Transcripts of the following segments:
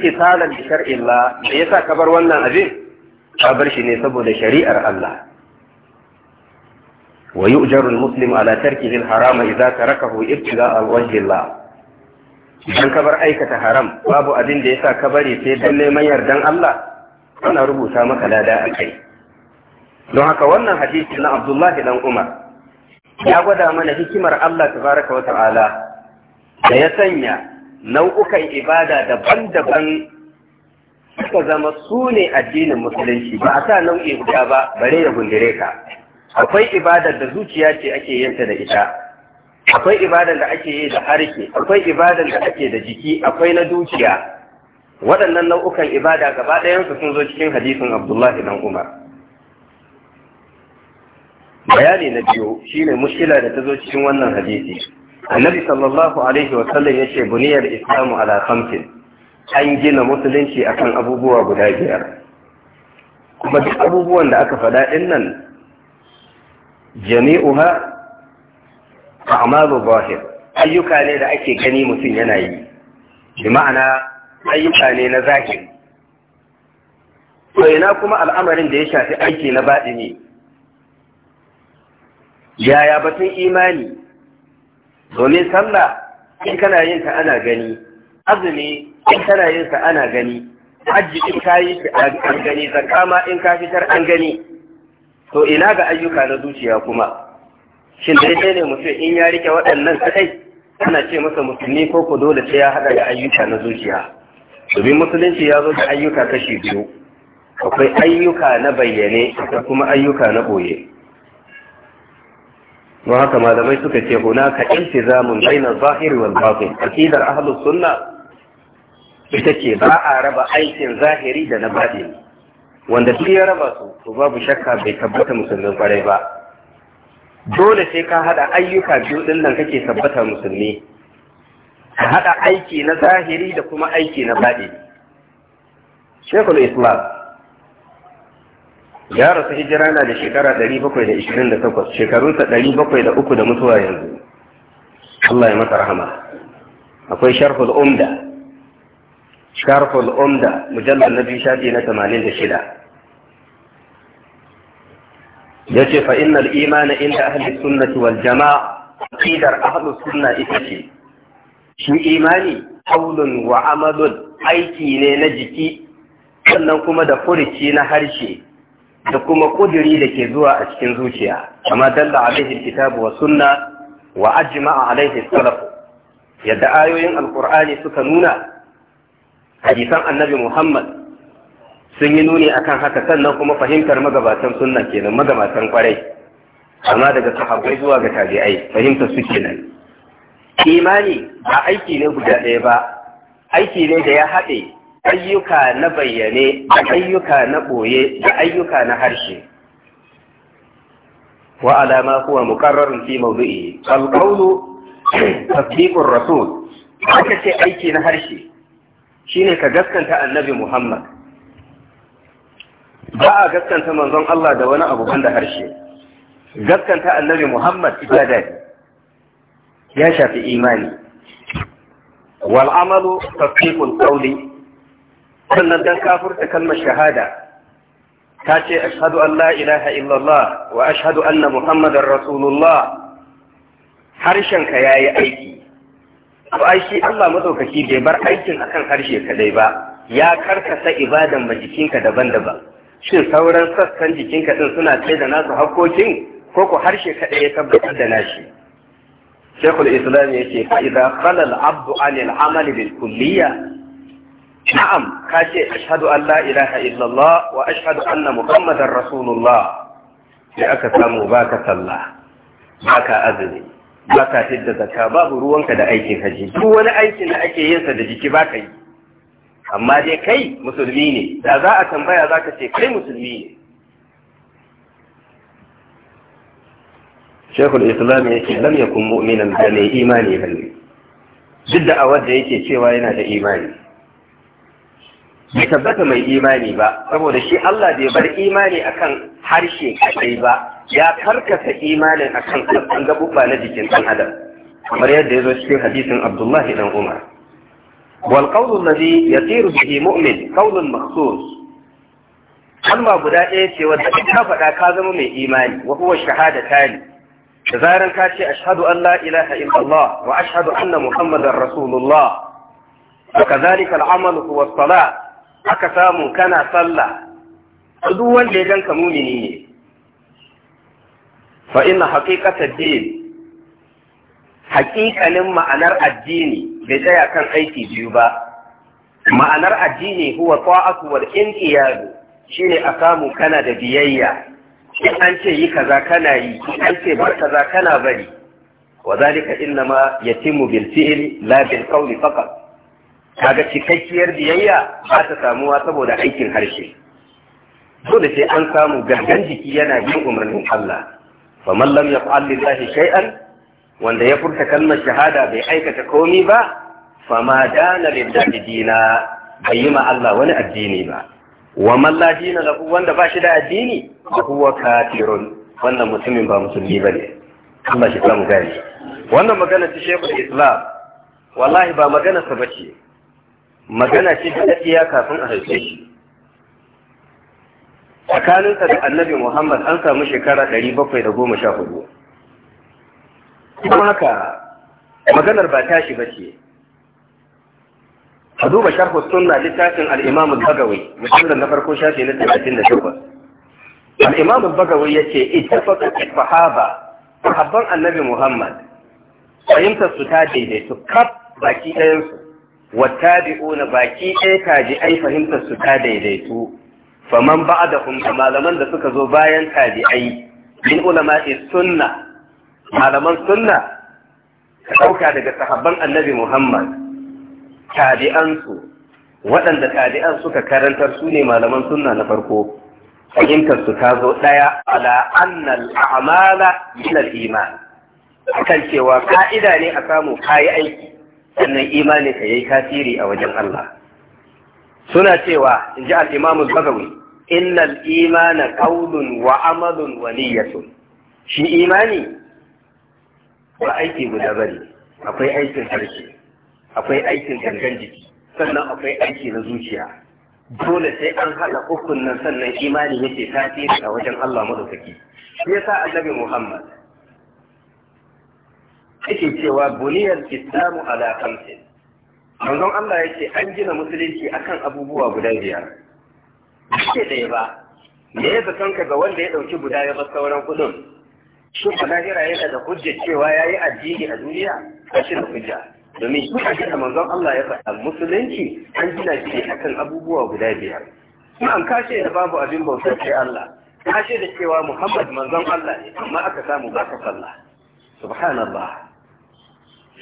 imtisalan bi shar'illah me yasa ka bar wannan abin ka bar shi ne saboda shari'ar Allah wa yu'jaru al-muslimu ala tarkihi al-haram idza tarakahu ibtida'a wajhi Allah ka bar aikata haram babu abin da yasa ka bari sai dan neman yardan Allah ana rubuta maka lada a kai don haka wannan hadisi na Abdullahi dan Umar ya gwada mana hikimar Allah tabaraka wa ta'ala da ya sanya nau'ukan ibada daban-daban suka zama su ne addinin musulunci ba a sa nau'i guda ba bare ya gundire ka akwai ibadar da zuciya ce ake ta da ita akwai ibadar da ake yi da harshe akwai ibadar da ake da jiki akwai na dukiya waɗannan nau'ukan ibada gaba ɗayansu sun zo cikin hadisin abdullahi dan umar bayani na biyu shine mushkila da ta zo cikin wannan hadisi annabi sallallahu alaihi wa sallam yace buniyar islamu ala khamsin an gina musulunci akan abubuwa guda biyar kuma duk abubuwan da aka faɗa din nan jami'uha a'malu zahir ayyuka ne da ake gani mutum yana yi bi ma'ana ayyuka ne na zahiri to ina kuma al'amarin da ya shafi aiki na baɗini yaya batun imani domin sallah in kana yin ta ana gani azumi in kana yin ta ana gani hajji in ka yi shi an gani zakama in ka fitar an gani to ina ga ayyuka na zuciya kuma shin daidai ne mutum in ya rike waɗannan kadai ana ce masa musulmi ko ku dole sai ya haɗa da ayyuka na zuciya domin musulunci ya zo da ayyuka kashi biyu akwai ayyuka na bayyane da kuma ayyuka na boye don haka malamai suka ce hunaka iltizamun baina zahiri wal batin akidar ahlus sunna ita ce ba a raba aikin zahiri da na batini wanda duk ya raba su to babu shakka bai tabbata musulmin kwarai ba dole sai ka hada ayyuka biyu din nan kake tabbata musulmi ka hada aiki na zahiri da kuma aiki na batini shekul islam ya rasu hijira na da shekara 728 shekarunsa 703 da mutuwa yanzu Allah ya masa rahama akwai sharhul umda sharhul umda mujallar na biyu shafi na 86 ya ce fa innal imana inda ahli sunnati wal jama'a aqidar ahli sunna ita ce shi imani qaulun wa amalun aiki ne na jiki sannan kuma da furuci na harshe da kuma kudiri da ke zuwa a cikin zuciya amma dalla alaihi kitabu wa sunna wa ajma alaihi salaf yadda ayoyin alqur'ani suka nuna hadisan annabi muhammad sun yi nuni akan haka sannan kuma fahimtar magabatan sunna kenan magabatan kwarai amma daga sahabbai zuwa ga tabi'ai fahimta su kenan imani ba aiki ne guda ɗaya ba aiki ne da ya haɗe ayyuka na bayyane da ayyuka na ɓoye da ayyuka na harshe wa alama kuwa muqarrarun fi mawdu'i al qawlu tasdiqur rasul haka ce aiki na harshe shine ka gaskanta annabi Muhammad ba a gaskanta manzon Allah da wani abu banda harshe gaskanta annabi Muhammad ibada ya shafi imani wal amalu tasdiqul qawli sannan dan kafurta kalmar shahada ta ce ashhadu an la ilaha illallah wa ashhadu anna muhammadar rasulullah harshen ka yayi aiki to aiki, shi Allah madaukaki bai bar aikin akan harshe kadai ba ya karkasa ibadan ba jikinka daban-daban shin sauran sassan jikinka din suna tsaye da nasu hakkokin ko ku harshe kadai ya tabbatar da nashi Sheikhul Islam ya fa idza khala abdu anil amali bil kulliyya na'am ka ce ashhadu an la illallah wa ashhadu anna Muhammadan rasulullah sai aka samu baka sallah baka azumi baka hidda zakka babu ruwanka da aikin haji duk wani aikin da ake yinsa da jiki baka yi amma dai kai musulmi ne da za a tambaya zaka ce kai musulmi ne shekul islam ya ce lam yakun mu'minan da mai imani bane duk da awar da yake cewa yana da imani bai tabbata mai imani ba saboda shi Allah bai bar imani akan harshe kadai ba ya karkata imanin akan kan gabubba na jikin dan adam kamar yadda ya zo cikin hadisin Abdullahi dan Umar wal qawlu alladhi yatiru bihi mu'min qawlun makhsus kalma guda ɗaya ce wadda in ka faɗa ka zama mai imani wa huwa shahada tani da zaran ka ce ashhadu an la ilaha illallah wa ashhadu anna muhammadar rasulullah wa kadhalika al-amal aka samu kana sallah duk wanda ya ganka mumini ne fa inna haqiqata din haƙiƙanin ma'anar addini bai tsaya kan aiki biyu ba ma'anar addini huwa ta'atu wal inqiyad shine a samu kana da biyayya in an ce yi kaza kana yi in an ce bar kaza kana bari wa zalika ma yatimu bil fi'li la bil qawli faqat kaga cikakkiyar biyayya ba ta samuwa saboda aikin harshe dole sai an samu gangan jiki yana bin umarnin Allah fa man lam yaf'al lillahi shay'an wanda ya furta kalmar shahada bai aikata komi ba fa ma dana lillahi dina bai yi ma Allah wani addini ba wa man la dina lahu wanda ba shi da addini huwa kafirun wannan mutumin ba musulmi bane Allah shi mu gani wannan magana ta Sheikhul Islam wallahi ba magana sa bace magana ce ta iya kafin a haife shi tsakaninsa da annabi muhammad an samu shekara ɗari bakwai da goma sha hudu kuma haka maganar ba tashi ba ce a duba sharhu sunna littafin al-imam al-bagawi musamman na farko shafi na 38 al-imam al-bagawi yace ittafaqa sahaba sahabban annabi muhammad fahimtar su ta daidaitu kaf baki ɗayansu. na baki ɗaya tabi'ai fahimtar su ta daidaitu faman ba'dahum da malaman da suka zo bayan tabi'ai min ulama'i sunna malaman sunna ka ɗauka daga sahabban annabi Muhammad tabi'ansu waɗanda tabi'an suka karantar su ne malaman sunna na farko fahimtar su ta zo ɗaya ala annal a'mala min al-iman akan cewa ka'ida ne a samu kayi aiki sannan imani ka yi tasiri a wajen Allah suna cewa in ji al-Imam bagawi innal imana qawlun wa amalun wa niyyatun shi imani ba aiki guda bane akwai aikin harshe akwai aikin gangan jiki sannan akwai aiki na zuciya dole sai an haɗa ukun nan sannan imani yake tasiri a wajen Allah madaukaki shi yasa annabi Muhammad yake cewa buniyar islamu ala kamsin manzon Allah ya ce an gina musulunci akan abubuwa guda biyar ce ɗaya ba me ya kanka ga wanda ya ɗauki guda ya bar sauran kudin shi a lahira yana da hujjar cewa ya yi addini a duniya a shi da hujja domin shi a gina manzon Allah ya faɗa musulunci an gina shi akan abubuwa guda biyar kuma an kashe da babu abin bautar sai Allah kashe da cewa Muhammad manzon Allah ne amma aka samu ba ka sallah subhanallah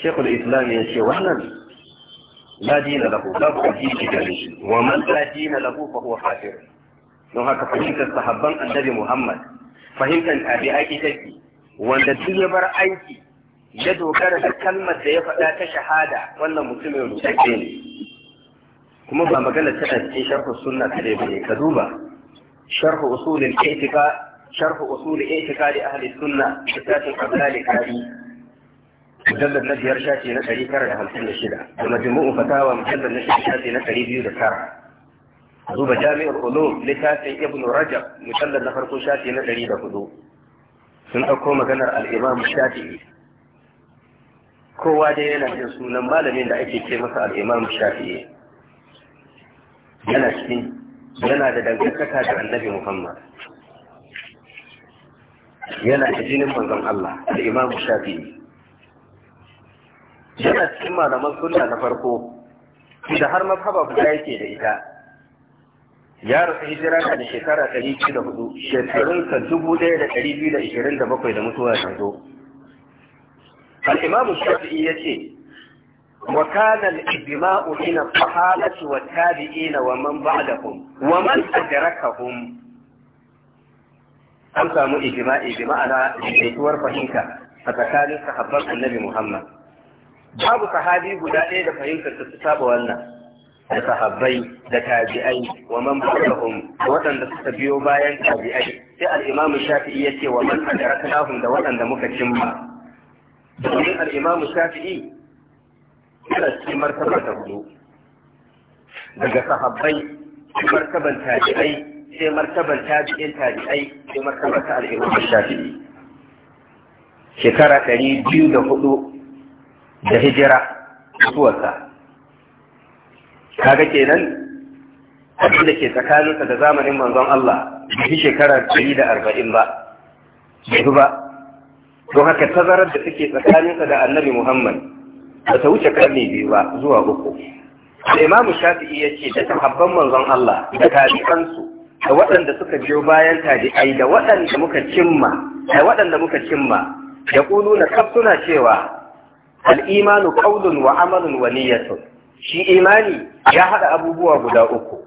shekul islam ya ce wannan la dina lahu babu addini gare shi wa man la dina lahu fa huwa kafir don haka fahimtar sahabban annabi muhammad fahimtar tabi'a take wanda duk ya bar aiki ya dogara da kalmar da ya faɗa ta shahada wannan mutumin rutacce ne kuma ba magana tana cikin sharhu sunna kadai bane ka duba sharhu usulul i'tiqad sharhu usul i'tiqad ahli sunna kitabun abdal kari mujallar na biyar shafi na ɗari tara da hamsin da shida da majmu'u fatawa mujallar na shida shafi na ɗari biyu da tara duba jami'ar ulum littafin ibn rajab mujallar na farko shafi na ɗari da hudu sun ɗauko maganar al'imam shafi'i kowa dai yana jin sunan malamin da ake ce masa al'imam shafi'i yana da dangantaka annabi muhammad yana da jinin manzon allah al'imam shafi'i yana cikin malaman sunna na farko da har mazhaba guda yake da ita ya rasu hijira da shekara 104 shekarunsa 1227 da mutuwa ta zo al'imamu shafi'i ya ce wa kana al-ijma'u ila sahabati wa tabi'ina wa man ba'dahum wa man adrakahum an samu ijma'i bi ma'ana shekuwar fahimta a tsakanin sahabban annabi Muhammad babu sahabi guda ɗaya da fahimtar ta saba wannan da sahabbai da tabi'ai wa man ba'dahum waɗanda suka biyo bayan tabi'ai sai al-Imam Shafi'i yace wa man adraknahum da waɗanda muka cimma domin al-Imam Shafi'i yana cikin martaba ta hudu daga sahabbai martaban tabi'ai sai martaban tabi'in tabi'ai sai martaban ta al-Imam Shafi'i shekara ɗari biyu da hudu da hijira mutuwarsa kaga kenan abin da ke tsakaninsa da zamanin manzon Allah bai shekarar ɗari da arba'in ba yanzu ba don haka tazarar da take tsakaninsa da annabi Muhammad ba ta wuce karni biyu ba zuwa uku da imamu shafi'i ya ce da sahabban manzon Allah da su da waɗanda suka biyo bayan tabi'ai da waɗanda muka cimma da waɗanda muka cimma ya ƙulu na kaf suna cewa al'imanu ƙaunin wa amalun wa niyyatun shi imani ya haɗa abubuwa guda uku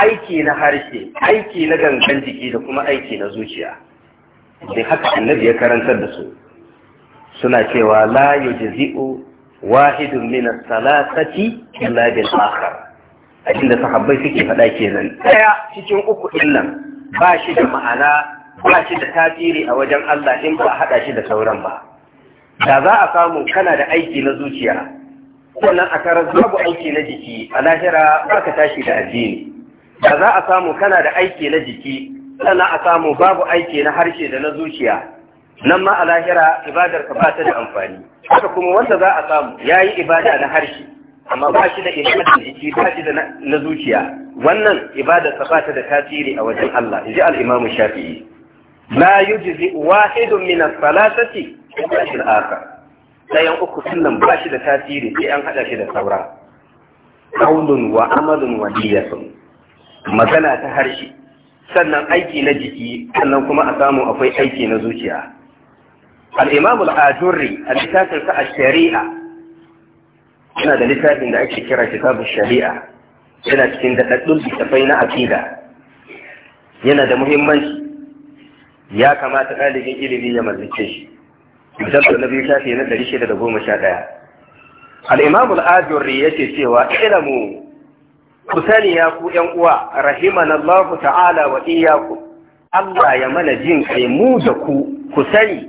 aiki na harshe aiki na gangan jiki da kuma aiki na zuciya Da haka annabi ya karantar da su suna cewa la yujzi'u wahidun min as-salasati illa bil akhar da sahabbai suke faɗa kenan daya cikin uku din nan ba shi da ma'ana ba shi da tasiri a wajen Allah in ba haɗa shi da sauran ba da za a samu kana da aiki na zuciya wannan a karar babu aiki na jiki a lahira ba ka tashi da addini da za a samu kana da aiki na jiki sannan a samu babu aiki na harshe da na zuciya nan ma a lahira ibadar ka ba ta da amfani haka kuma wanda za a samu ya yi ibada na harshe amma ba shi da ibadar jiki ba shi da na zuciya wannan ibadar ka ba ta da tasiri a wajen Allah in ji al-Imam Shafi'i la yujzi wahidun min as-salatati ba shi aka ɗayan uku nan ba shi da tasiri sai an haɗa shi da saura kaulun wa amalun wa niyyatun magana ta harshe sannan aiki na jiki sannan kuma a samu akwai aiki na zuciya al-imam al a littafin sa a sharia yana da littafin da ake kira kitabu shari'a yana cikin daɗaɗɗun littafai na aqida yana da muhimmanci ya kamata ɗalibin ilimi ya mallake shi mujallar na biyu shafi na ɗari shida da goma sha ɗaya al'imamul ya ce, cewa ilmu ku sani ya ku ‘yan uwa Allah ta'ala wa iyaku Allah ya mana jin kai mu da ku ku sani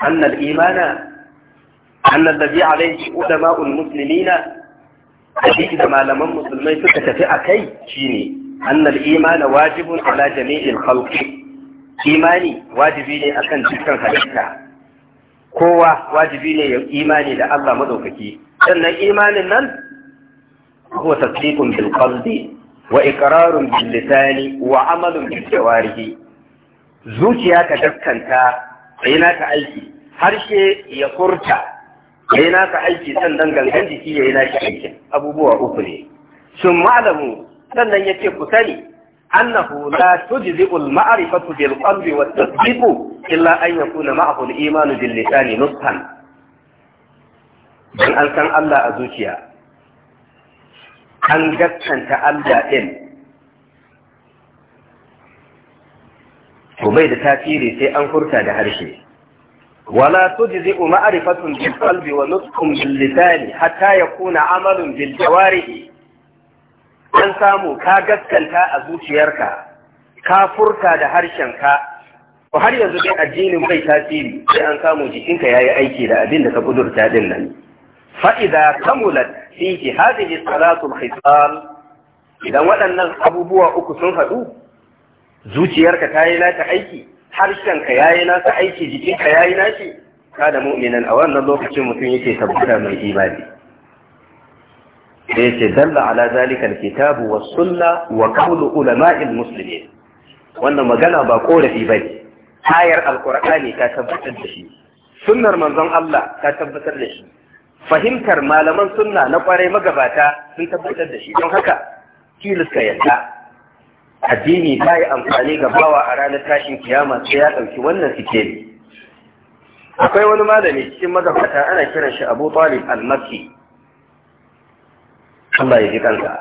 annal imana annal ladhi alayhi ulama'ul muslimina hadisi da malaman musulmai suka tafi a kai shine annal imana wajibun ala jami'in halki. imani wajibi ne akan dukkan halitta kowa wajibi ne ya imani da Allah madaukaki sannan imanin nan huwa tasdiqun bil qalbi wa iqrarun bil lisani wa amalun bil jawarihi zuciya ka daskanta sai naka aiki harshe ya furta sai naka aiki sannan gangan jiki yayi naka aiki abubuwa uku ne sun malamu sannan yace ku sani أنه لا تجزئ المعرفة بالقلب والتصديق إلا أن يكون معه الإيمان باللسان نصحا dan an san Allah a zuciya an gaskanta Allah ɗin to bai da tasiri sai an furta da harshe wala tujzi ma'rifatun bil qalbi wa nutqun bil hatta yakuna amalin bil an samu ka gaskanta a zuciyarka ka furta da harshenka ko har yanzu dai addinin bai tasiri sai an samu jikinka yayi aiki da abin da ka kudurta din nan fa idza kamulat fihi hadhihi salatu al idan waɗannan abubuwa uku sun haɗu zuciyarka ta yi nata aiki harshenka ya yi nasa aiki jikinka ya yi nashi da mu'minan a wannan lokacin mutum yake tabbata mai imani sai ce dalla ala zalika kitabu was sunna wa qawlu ulama'il muslimin wannan magana ba korafi bane ayar alqur'ani ta tabbatar da shi sunnar manzon Allah ta tabbatar da shi fahimtar malaman sunna na kwarai magabata sun tabbatar da shi don haka kiliska yadda addini ta yi amfani ga bawa a ranar tashin kiyama sai ya ɗauki wannan sikeli akwai wani malami cikin magabata ana kiran shi abu talib al-makki Allah ya ji kansa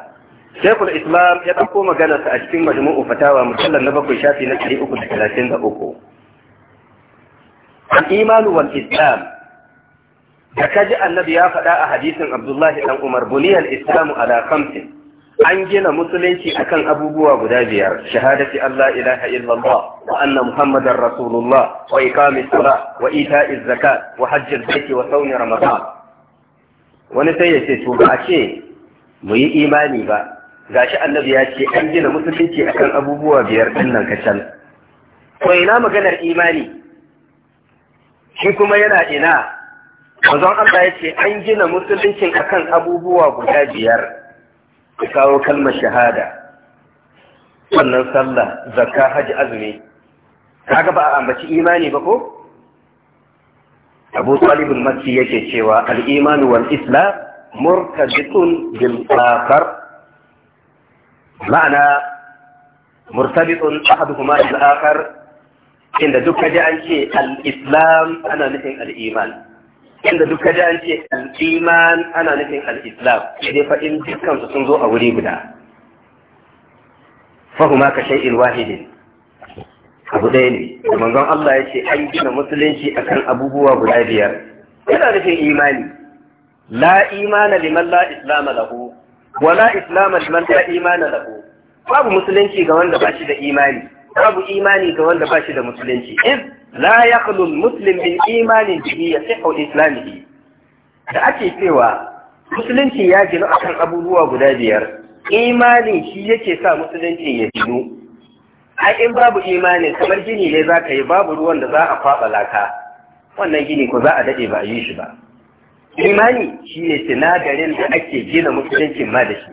Shekul Islam ya ɗauko maganarsa a cikin majmu'u fatawa musallar na bakwai shafi na ɗari uku da talatin da uku. Al'imanu wal Islam da kaji annabi ya faɗa a hadisin Abdullahi ɗan Umar buniyar Islamu ala kamsin an gina musulunci akan abubuwa guda biyar shahadati Allah ilaha illallah wa anna muhammadar rasulullah wa iqamis sala wa ita'iz zakat wa hajjil baiti wa sawmi ramadan wani sai ya ce ba a ce mu yi imani ba gashi annabi ya ce an gina musulunci akan abubuwa biyar din nan kacal ko ina maganar imani shi kuma yana ina manzon Allah ya ce an gina musuluncin akan abubuwa guda biyar ka kawo kalmar shahada wannan sallah zakka haji azumi kaga ba a ambaci imani ba ko Abu Talib al-Makki yake cewa al-imanu wal islam murtabitun bil akhar ma'ana murtabitun ahaduhuma bil akhar inda duk kaje an ce al ana nufin al inda duk kaje an ce al ana nufin al sai fa in dukkan su sun zo a wuri guda fahuma ka shay'in wahidin abu ɗaya ne da manzon Allah ya ce an gina musulunci akan abubuwa guda biyar yana nufin imani la imana liman la islama lahu wa la islama liman la imana lahu babu musulunci ga wanda ba shi da imani babu imani ga wanda ba shi da musulunci In la yaqlu muslim min imanin bihi yasihu islamihi da ake cewa musulunci ya ginu akan abubuwa guda biyar imani shi yake sa musulunci ya ginu ai in babu imani kamar gini ne za ka yi babu ruwan da za a kwaɓa laka wannan gini ko za a dade ba a yi shi ba imani shi ne sinadarin da ake gina musulunci ma da shi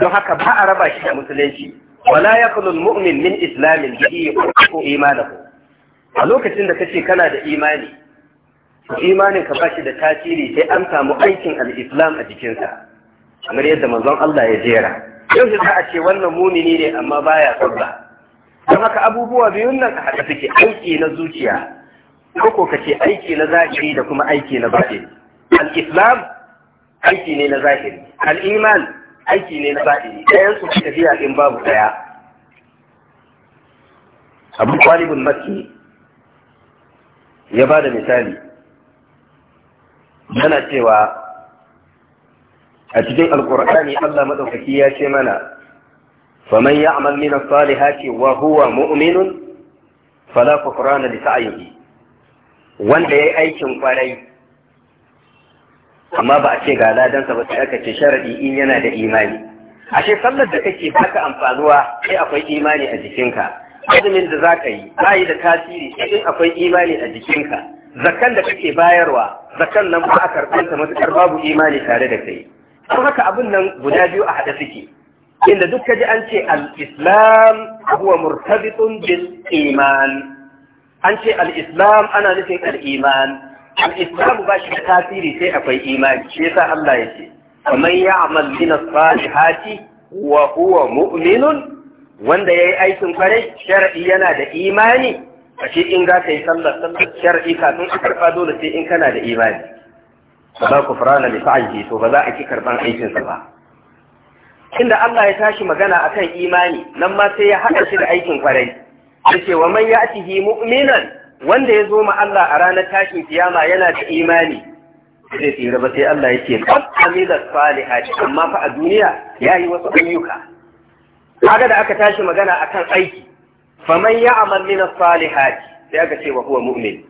don haka ba a raba shi da musulunci wala yaqulu mu'min min islamin ko yaqulu ko a lokacin da kace kana da imani to imanin ka bashi da tasiri sai an samu aikin al-islam a jikinsa kamar yadda manzon Allah ya jera yau za a ce wannan mumini ne amma baya sabba don haka abubuwa biyun nan a haɗa suke aiki na zuciya ko ko kace aiki na zahiri da kuma aiki na batini al-islam aiki ne na zahiri al-iman aiki tafiya in babu ɗaya abu kwalibin ya ba da misali yana cewa a cikin alkur'ani Allah maɗaukaki ya ce mana faman ya amal min salihati wa huwa mu'minun fala kufrana li sa'ihi wanda yayi aikin kwarai amma ba a ce ga ladansa ba sai aka ce sharadi in yana da imani ashe sallar da kake baka amfanuwa sai akwai imani a jikinka azumin da za ka yi bayi da tasiri sai in akwai imani a jikinka zakan da kake bayarwa zakan nan ba a karɓar ta matuƙar babu imani tare da kai don haka abin nan guda biyu a haɗa suke inda duk ka ji an ce al-islam huwa murtabitun bil iman an ce al-islam ana nufin al-iman al-islamu ba shi da tasiri sai akwai imani shi yasa Allah ya ce kamar ya amal min salihati wa huwa mu'minun wanda yayi aikin kwarai shar'i yana da imani ashe in za ka yi sallar sallar shar'i kafin a karfa dole sai in kana da imani ba za ku furana da sa'aji to ba za a ki karban aikinsa ba inda Allah ya tashi magana akan imani nan ma sai ya haɗa shi da aikin kwarai yace wa man ya'tihi mu'minan wanda ya zo ma Allah a ranar tashin kiyama yana da imani zai tsira ba sai Allah ya ce amila salihati amma fa a duniya yayi wasu ayyuka kaga da aka tashi magana akan aiki faman ya'mal min salihati sai aka ce wa huwa mu'min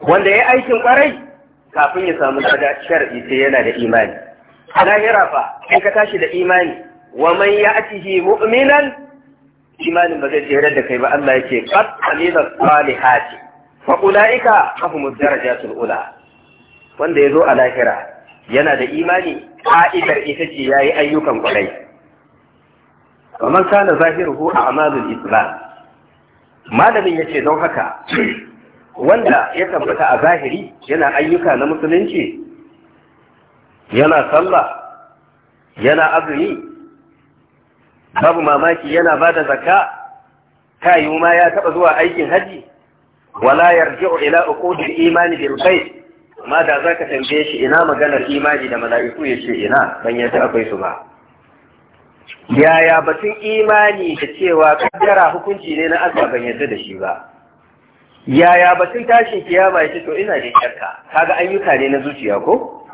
wanda yayi aikin kwarai kafin ya samu daga shar'i sai yana da imani lahira fa in ka tashi da imani wa man ya'tihi mu'minan imanin ba zai tsere da kai ba Allah yake qad amila salihati fa ulaika lahumud darajatul ula wanda yazo a lahira yana da imani ka'idar ita ce yayi ayyukan kwarai kamar kana zahiruhu a amalul islam malamin yace don haka wanda ya tabbata a zahiri yana ayyuka na musulunci yana sallah yana azumi babu mamaki yana ba da zakka kayu ma ya taba zuwa aikin haji wala yarji'u ila uqudil imani bil ghaib amma da zaka tambaye shi ina maganar imani da mala'iku yace ina ban yadda akwai su ba yaya batun imani da cewa kaddara hukunci ne na Allah ban yadda da shi ba yaya batun tashin kiyama yace to ina da shakka kaga ayyuka ne na zuciya ko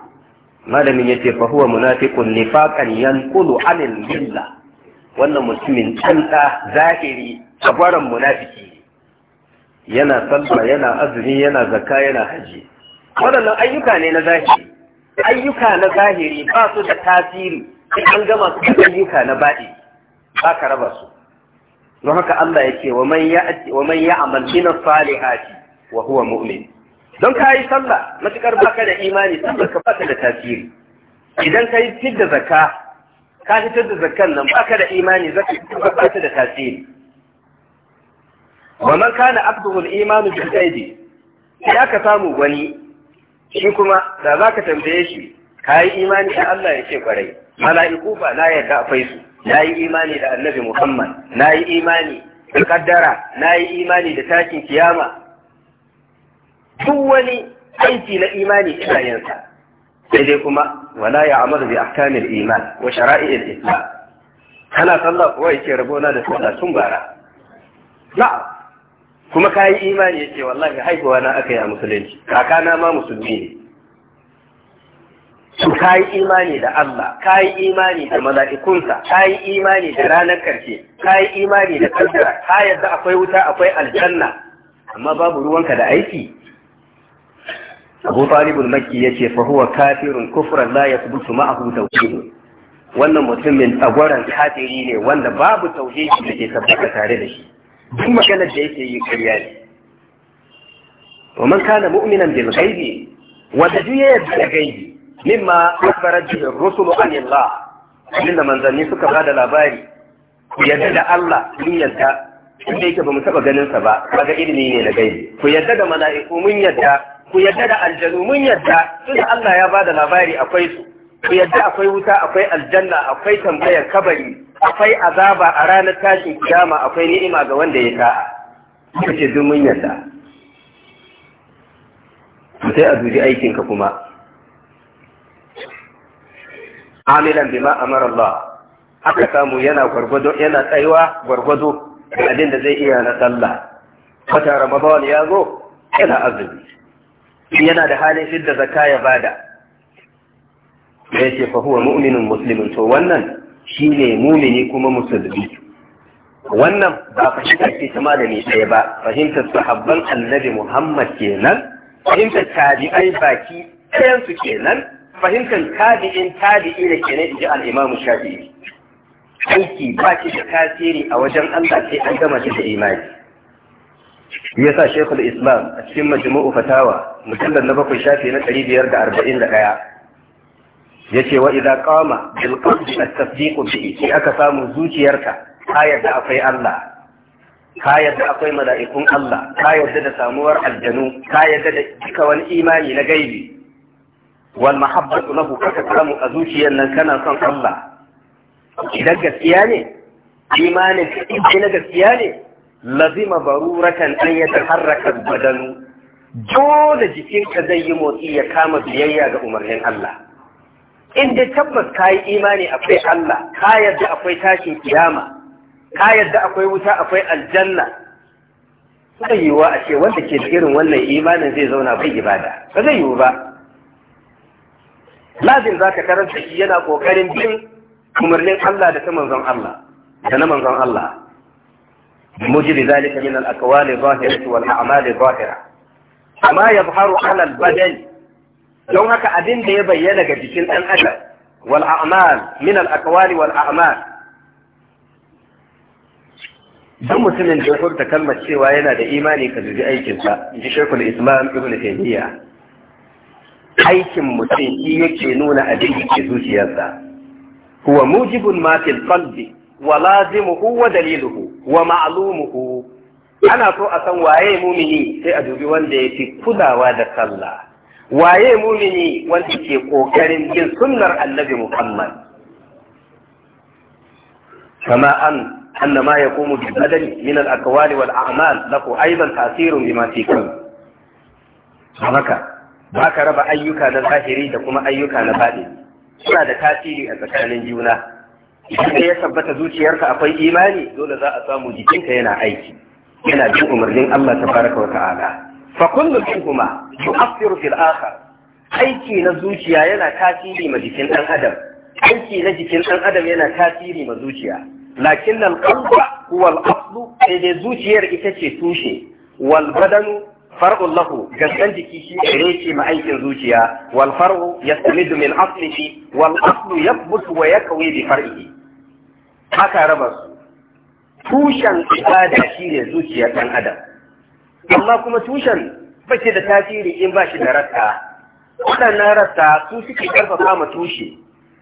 malamin yace fa huwa munafiqun nifaqan yanqulu anil billah wannan mutumin tsanta zahiri tabaran munafiki yana sallah yana azumi yana zakka yana haji Wadannan ayyuka ne na zahiri ayyuka na zahiri ba su da tasiri sai an gama su da ayyuka na baɗi ba ka raba su don haka Allah yake wa man ya wa man ya'mal min salihati wa huwa mu'min don ka yi sallah matukar baka da imani sallar ka fata da tasiri idan ka yi fitar da zakka ka fitar da zakkan nan baka da imani zakka baka da tasiri wa man kana abduhu al-imanu bil ghaibi sai aka samu wani shi kuma da zaka tambaye shi kai imani da Allah yake kwarai mala'iku ba na yarda akwai su nayi imani da annabi Muhammad nayi imani da kaddara nayi imani da takin kiyama duk wani aiki na imani ina yin sai dai kuma wala ya'malu bi al iman wa al islam kana sallah kuwa yake rabona da sallah sun bara na'am kuma ka yi imani ya ce wallahi haihuwa na aka yi a musulunci kakana ma musulmi ne su ka yi imani da Allah ka yi imani da mala'ikunsa ka yi imani da ranar karshe ka yi imani da kaddara ka yadda akwai wuta akwai aljanna amma babu ruwanka da aiki Abu Talib al-Makki yace fa huwa kafirun kufran la yathbutu ma'ahu tawhid wannan mutumin tsagoran kafiri ne wanda babu tauhidi da ke tabbata tare da shi duk maganar da yake yi ƙarya ne wa man kana mu'minan bil ghaibi wa tadiya yadda ghaibi mimma akbarat bihi ar-rusul an Allah inda zanni suka bada labari ku yadda da Allah mun yadda inda yake bamu taba ganin sa ba kaga ilimi ne na gaibi ku yadda da mala'iku mun yadda ku yadda da aljanu mun yadda tunda Allah ya bada labari akwai su ku yadda akwai wuta akwai aljanna akwai tambayar kabari akwai azaba a ranar tashin kiyama akwai ni'ima ga wanda ya ta'a suka ce duk sai a dubi aikinka kuma amilan bima amara Allah aka samu yana gwargwado yana tsayuwa gwargwado da abin da zai iya na sallah wata ramadan ya zo yana azumi yana da halin shidda zakka ya bada da yake fa huwa mu'minun muslimin to wannan shine mumini kuma musulmi wannan ba fahimtar ce ta malami ɗaya ba fahimtar sahabban annabi Muhammad kenan fahimtar tabi'ai baki ɗayan kenan fahimtar tabi'in tabi'i da kenan inji al Shafi'i aiki ba ki da tasiri a wajen Allah sai an gama shi da imani sa Sheikhul Islam a cikin Majmu'u Fatawa mujallal na bakwai shafi na ɗari biyar da arba'in da ɗaya Ya ce, wa idza kama, bil qalbi at-tasdiq bihi sai aka samu zuciyarka Ta yadda akwai Allah Ta yadda akwai mala'ikun Allah Ta yadda da samuwar aljanu Ta yadda da cika wani imani na gaibi wal mahabbatu lahu ka samu a zuciyar nan kana son Allah idan gaskiya ne imanin ka na gaskiya ne lazima baruratan an yataharraka badanu dole jikinka zai yi motsi ya kama biyayya ga umarnin Allah in dai tabbas ka yi imani akwai Allah ka yadda akwai tashin kiyama ka yadda akwai wuta akwai aljanna ba yiwuwa a ce wanda ke da irin wannan imanin zai zauna bai ibada ba zai yiwu ba lazim za ka karanta shi yana kokarin bin umarnin Allah da ta manzon Allah da na manzon Allah mujri zalika min al-aqwali zahirati wal a'mali zahira amma yabharu ala al-badani don haka abin da ya bayyana ga jikin ɗan adam wal a'mal min al aqwali wal a'mal dan mutumin da ya furta kalmar cewa yana da imani ka dubi aikinsa ji shekul islam ibn taymiya aikin mutum shi yake nuna abin da ke zuciyarsa huwa mujibun ma fil qalbi wa lazimuhu wa daliluhu wa ma'lumuhu ana so a san waye mumini sai a dubi wanda ya fi kulawa da sallah waye mumini wanda ke kokarin yin sunnar annabi Muhammad kama an أن ما min al من wal a'mal له aidan تأثير bima fi kan haka ba raba ayyuka na zahiri da kuma ayyuka na baɗi suna da tasiri a tsakanin juna idan ya tabbata zuciyarka akwai imani dole za a samu jikinka yana aiki yana bin umarnin Allah tabaraka wa ta'ala fa kullu minhuma yu'athiru fil akhar aiki na zuciya yana tasiri ma jikin ɗan adam aiki na jikin ɗan adam yana tasiri ma zuciya lakin nan qalbu huwa aslu sai dai zuciyar ita ce tushe wal badanu far'un lahu gangan jiki shi ne ce ma aikin zuciya wal far'u yastamidu min aslihi wal aslu yathbutu wa yaqwi bi far'ihi haka raba su tushen ibada shine zuciyar dan adam amma kuma tushen bace da tasiri in ba shi da rasta waɗannan rasta su suke ƙarfafa ma tushe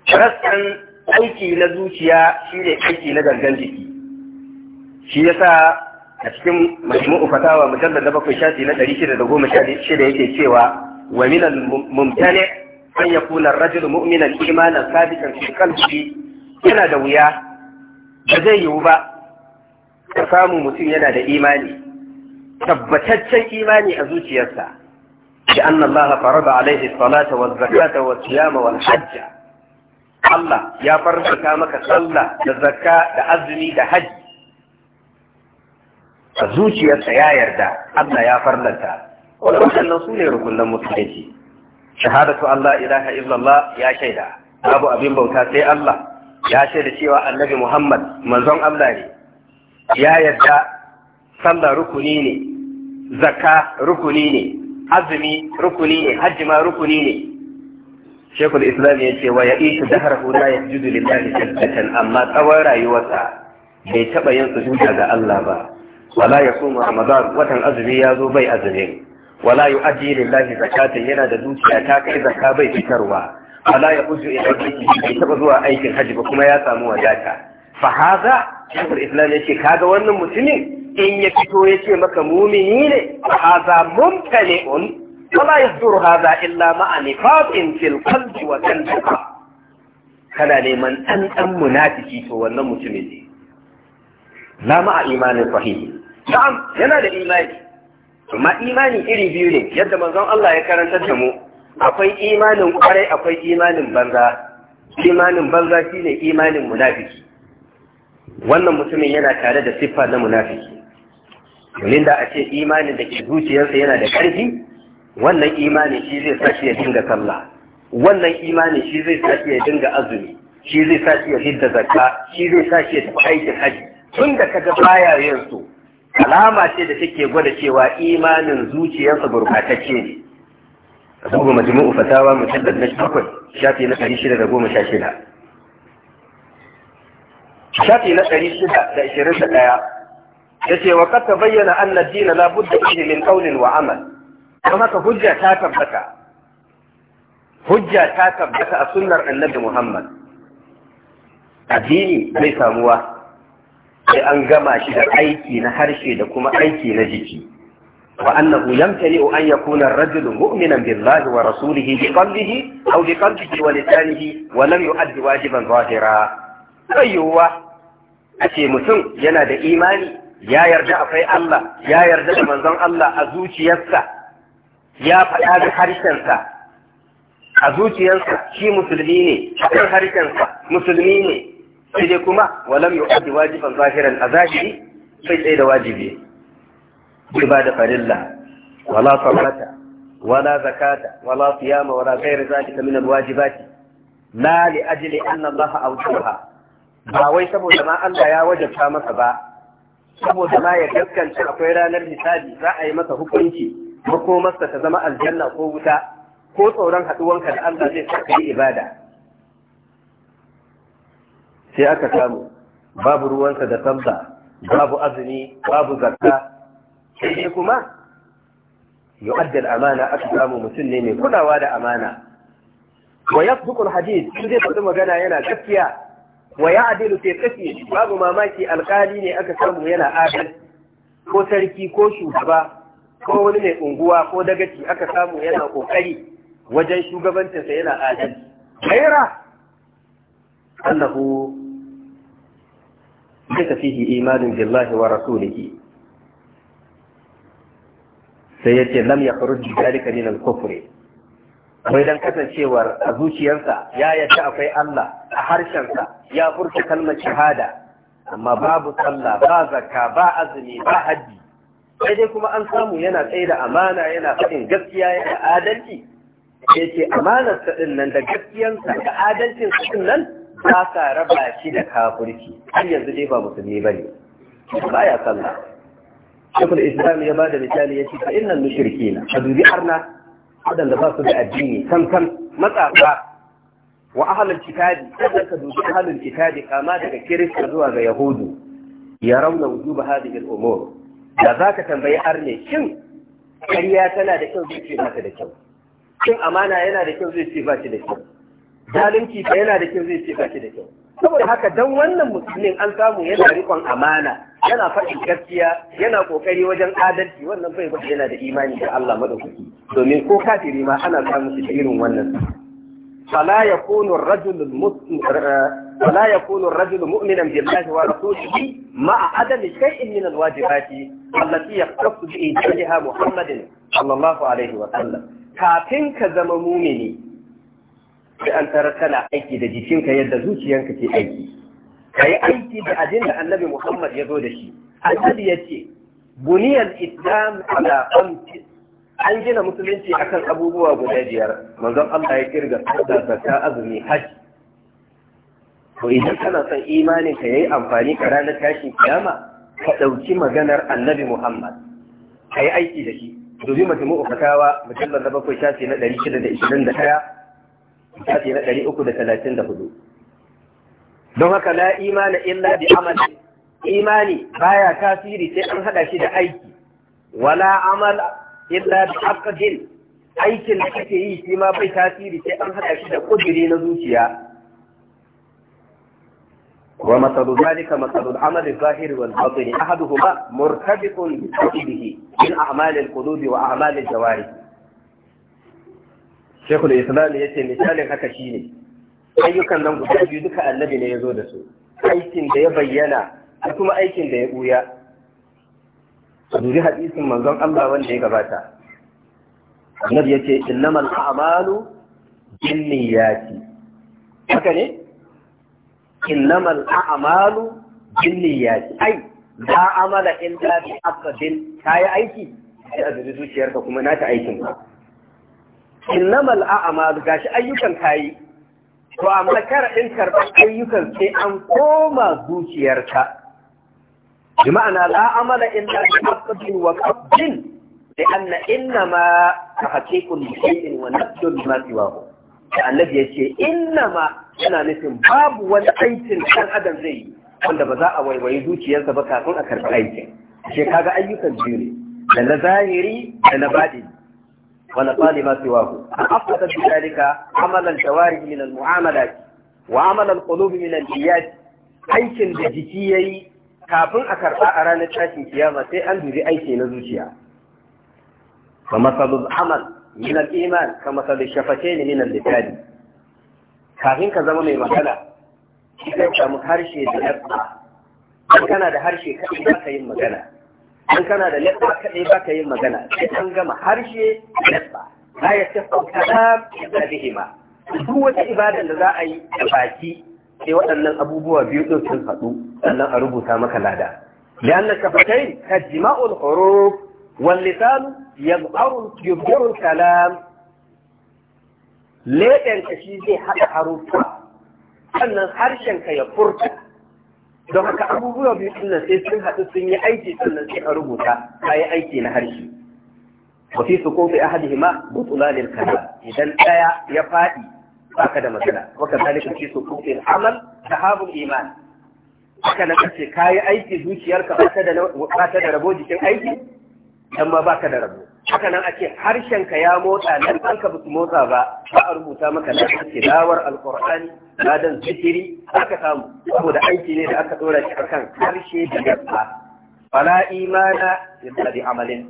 rastan aiki na zuciya shi ne aiki na gangan jiki shi yasa a cikin majmu'u fatawa mujallar da bakwai shafi na ɗari shida da goma shida yake cewa wa minan mumtane, an ya kunan rajin mu'minan imanan sabitan fi qalbi yana da wuya ba zai yiwu ba ka samu mutum yana da imani tabbataccen imani a zuciyarsa bi anna Allah farada alaihi salata wa zakata wa siyama wal hajja Allah ya farka maka sallah da zakka da azumi da hajji a zuciyarsa ya yarda Allah ya farlanta wannan su ne rukunan musulunci shahadatu Allah ilaha illallah ya shaida babu abin bauta sai Allah ya shaida cewa annabi Muhammad manzon Allah ne ya yarda sallah rukuni ne zakka rukuni ne azumi rukuni ne hajji ma rukuni ne shekul islam ya ce wa ya isu dahrahu la yajudu lillahi jaddatan amma tsawon rayuwarsa bai taba yin sujuda ga Allah ba wala yasuma ramadan watan azumi ya zo bai azumi wala yu'addi lillahi zakatan yana da dukiya ta kai zakka bai fitarwa wala ya uzu ila baiti bai taba zuwa aikin hajji ba kuma ya samu wadata fa haza shekul islam ya ce kaga wannan mutumin in ya fito ya ce maka mumini ne haza mumtani'un wala yasduru haza illa ma'a nifaqin fil qalbi wa tanfiqa kana neman dan dan munafiki to wannan mutumin ne la ma'a imanin sahihi na'am yana da imani amma imani iri biyu ne yadda manzon Allah ya karantar da mu akwai imanin kwarai akwai imanin banza imanin banza shine imanin munafiki wannan mutumin yana tare da siffa na munafiki domin da a ce imanin da ke zuciyarsa yana da ƙarfi wannan imani shi zai sa shi ya dinga sallah wannan imani shi zai sa shi ya dinga azumi shi zai sa shi ya hidda zakka shi zai sa shi ya tafi aikin haji tun da kaga baya yin su alama ce da take gwada cewa imanin zuciyarsa gurbatacce ne duba majmu'u fatawa mutaddad na shakwai shafi na ɗari shida da goma sha shida shafi na ɗari shida da ishirin da ɗaya ce wa kar tabayyana bayyana ad-din la budda min qawlin wa amal don haka hujja ta tabbata hujja ta tabbata a sunnar annabi Muhammad addini zai samuwa sai an gama shi da aiki na harshe da kuma aiki na jiki wa annahu yamtani'u an yakuna ar mu'minan billahi wa rasulihi bi qalbihi aw bi qalbihi wa lisanihi wa lam yu'addi wajiban zahira ayyuwa a ce mutum yana da imani ya yarda akwai Allah ya yarda da manzon Allah a zuciyarsa ya faɗa da harshensa a zuciyarsa shi musulmi ne akan harshensa musulmi ne sai dai kuma walam yu'addi wajiban zahiran a zahiri sai tsaye da wajibi bai ba da farilla wala salata wala zakata wala siyama wala ghairu zalika min alwajibati la li ajli anna Allah awjabaha ba wai saboda ma Allah ya wajabta masa ba saboda ma ya gaskance akwai ranar hisabi za a yi masa hukunci makomarsa ta zama aljanna ko wuta ko tsoron haɗuwanka da Allah zai saka yi ibada sai aka samu babu ruwansa da sabba babu azumi babu zakka sai kuma yu'addal amana aka samu mutum ne mai kulawa da amana wa yasduqul hadith in zai faɗi magana yana gaskiya wa ya adilu fi babu mamaki alkali ne aka samu yana adal ko sarki ko shugaba ko wani mai unguwa ko dagaci aka samu yana kokari wajen shugabancinsa yana adal ghaira annahu laysa fihi imanin billahi wa rasulihi sai yace lam yakhruj bi dhalika min al-kufri wai dan kasancewar a zuciyarsa ya yadda akwai Allah a harshen sa, ya furta kalmar shahada amma babu sallah ba zakka ba azumi ba haji sai dai kuma an samu yana tsaye da amana yana faɗin gaskiya da adalci ya ce amanarsa din nan da gaskiyansa da adalcinsa din nan ba sa raba shi da kafurci. har yanzu dai ba musulmi ba ne ba ya sallah shekul islam ya ba da misali ya ce fa innan mushrikina a dubi arna waɗanda ba su da addini kankan matsafa wa ahlul kitabi kada ka dubi ahlul kitabi kama daga kirista zuwa ga yahudu ya rauna wujuba hadhihi al-umur da zaka tambayi arne shin ƙarya tana da kyau zai ce ba da kyau shin amana yana da kyau zai ce ba da kyau zalunci fa yana da kyau zai ce ba da kyau saboda haka dan wannan musulmin an samu yana riƙon amana yana faɗin gaskiya yana ƙoƙari wajen adalci wannan bai bace yana da imani da Allah madaukaki domin ko kafiri ma ana samun shi irin wannan fala yakunu ar-rajulu muslim فلا يكون الرجل مؤمنا بالله ورسوله مع عدم شيء من الواجبات التي Muhammadin بإيجادها alaihi wa sallam. Kafin ka zama كزم مؤمني بأن ترى كان aiki da jikinka yadda زوشيان ke aiki. ka yi aiki da abin da annabi Muhammad ya zo da shi. Annabi ya ce, Buniyar Islam ala khamsi an gina musulunci akan abubuwa guda biyar manzon Allah ya kirga da zakka azumi hajji to idan kana son imanin ka yayi amfani ka ranar tashin kiyama ka ɗauki maganar annabi Muhammad ka yi aiki da shi dubi majmu'u fatawa mujallar na bakwai shafi na ɗari shida da ishirin da ɗaya shafi na ɗari uku da talatin da hudu don haka la imana illa bi amali imani baya tasiri sai an hada shi da aiki wala amal illa bi aqdin aikin da kake yi shi ma bai tasiri sai an hada shi da kudiri na zuciya wa masalu zalika masalu al-amal al-zahir wal batin ahaduhuma murtabiqun bi sahibihi min a'mal al-qulubi wa a'mal al-jawarih Sheikhul Islam yace misalin haka shine ayyukan nan guda biyu duka annabi ne ya zo da su aikin da ya bayyana da kuma aikin da ya buya duri hadisin manzon Allah wanda ya gabata annabi yace innamal a'malu binniyati haka ne innamal a'malu binniyati ai da amala illa bi aqdin kai aiki sai a zuciyarka kuma nata aikin ka innamal a'malu gashi ayyukan kai to amma ɗin karɓar ayyukan sai an koma zuciyarka bi ma'ana la amala illa wa sai an anna inna ma tahqiqul shay'in wa nafdul ma ku da annabi yace inna ma yana nufin babu wani aikin kan adam zai yi wanda ba za a waiwayi zuciyarsa ba kafin a karɓi aikin shekaga kaga ayyukan biyu ne da na zahiri da na baɗi. ونقال ما سواه فأفقد بذلك عمل الجوارح من المعاملات وعمل القلوب من الإياد aikin da jiki ya yi kafin a karɓa a ranar tashin kiyama sai an dubi aiki na zuciya ka masalul amal min al-iman ka masalul shafatayn min al-lisan kafin ka zama mai magana sai ka samu harshe da yabba kana da harshe kai za ka yin magana in kana da labba kaɗai ba ka yin magana sai an gama harshe labba la ya tafa kalam illa duk wata ibada da za a yi da baki sai waɗannan abubuwa biyu ɗin sun haɗu sannan a rubuta maka lada لأن الشفتين تجمع الحروف واللسان يظهر يظهر الكلام leɗen ka shi zai haɗa harufa sannan harshen ka ya furta don haka abubuwa biyu sun nan sai sun haɗu sun yi aiki sannan sai a rubuta kayi aiki na harshe wa fi hima, ahadihima butulanil kalam idan ɗaya ya faɗi baka da matsala wa kadhalika fi sukufi al-amal tahabul iman haka na kace kayi aiki zuciyarka ba ta da ba ta da rabo jikin aiki dan ma baka da rabo haka nan ake harshenka ya motsa nan an ka su motsa ba ba a rubuta maka nan ake dawar na dan zikiri aka samu saboda aiki ne da aka ɗora shi akan harshe da gaba fala imana yadda da amalin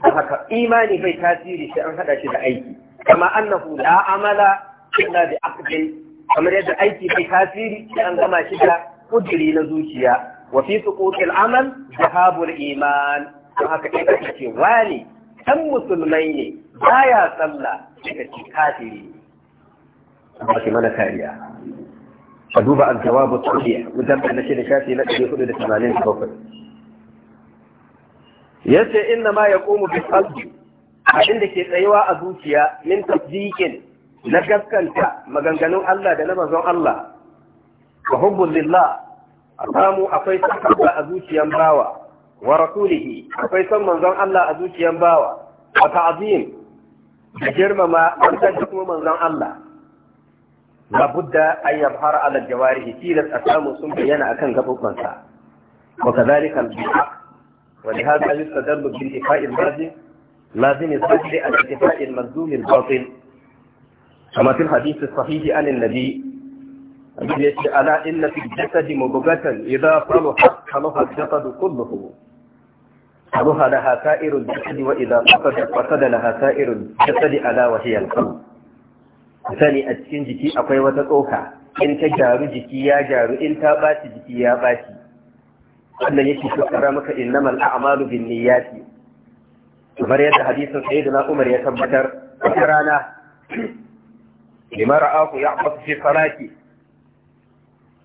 haka imani bai tasiri sai an haɗa shi da aiki kama annahu la amala illa bi aqdin kamar yadda aiki bai tasiri sai an gama shi da kudiri na zuciya wa fi suqutil amal zahabul iman haka kai ce wani dan musulmai ne ya sallah daga ci kafiri ba shi mana kariya ka duba al-jawabu sahiha mujallad na shida shafi na 487 yace inna ma yaqumu bi qalbi abin da ke tsayuwa a zuciya min tasdiqin na gaskanta maganganun Allah da na mazan Allah wa hubbul lillah a samu akwai sahabba a zuciyan bawa wa rasulihi akwai son manzon Allah a zuciyan bawa wa ta'zim da girmama an da kuma manzon Allah labudda an yabhara ala jawarihi tilas a samu sun bayyana akan gabubansa wa kadhalika al-bihaq wa li hadha yustadallu bil ifa'i al-lazim lazim yastadli al ifa'i al-mazlum al-batin kama fil hadith as-sahih an an-nabi الذي يقول ألا إن في الجسد مضغة إذا صلحت صلح الجسد كله ruha laha sa'irul jasadi wa idza fasada fasada laha sa'irul jasadi ala wa hiya al-qalb sani a cikin jiki akwai wata tsoka in ta jaru jiki ya jaru, in ta baci jiki ya baci wannan yake shukara maka innamal a'malu bin niyyati kamar yadda hadisin sayyidina Umar ya tabbatar wata rana lima ra'ahu ya'batu fi salati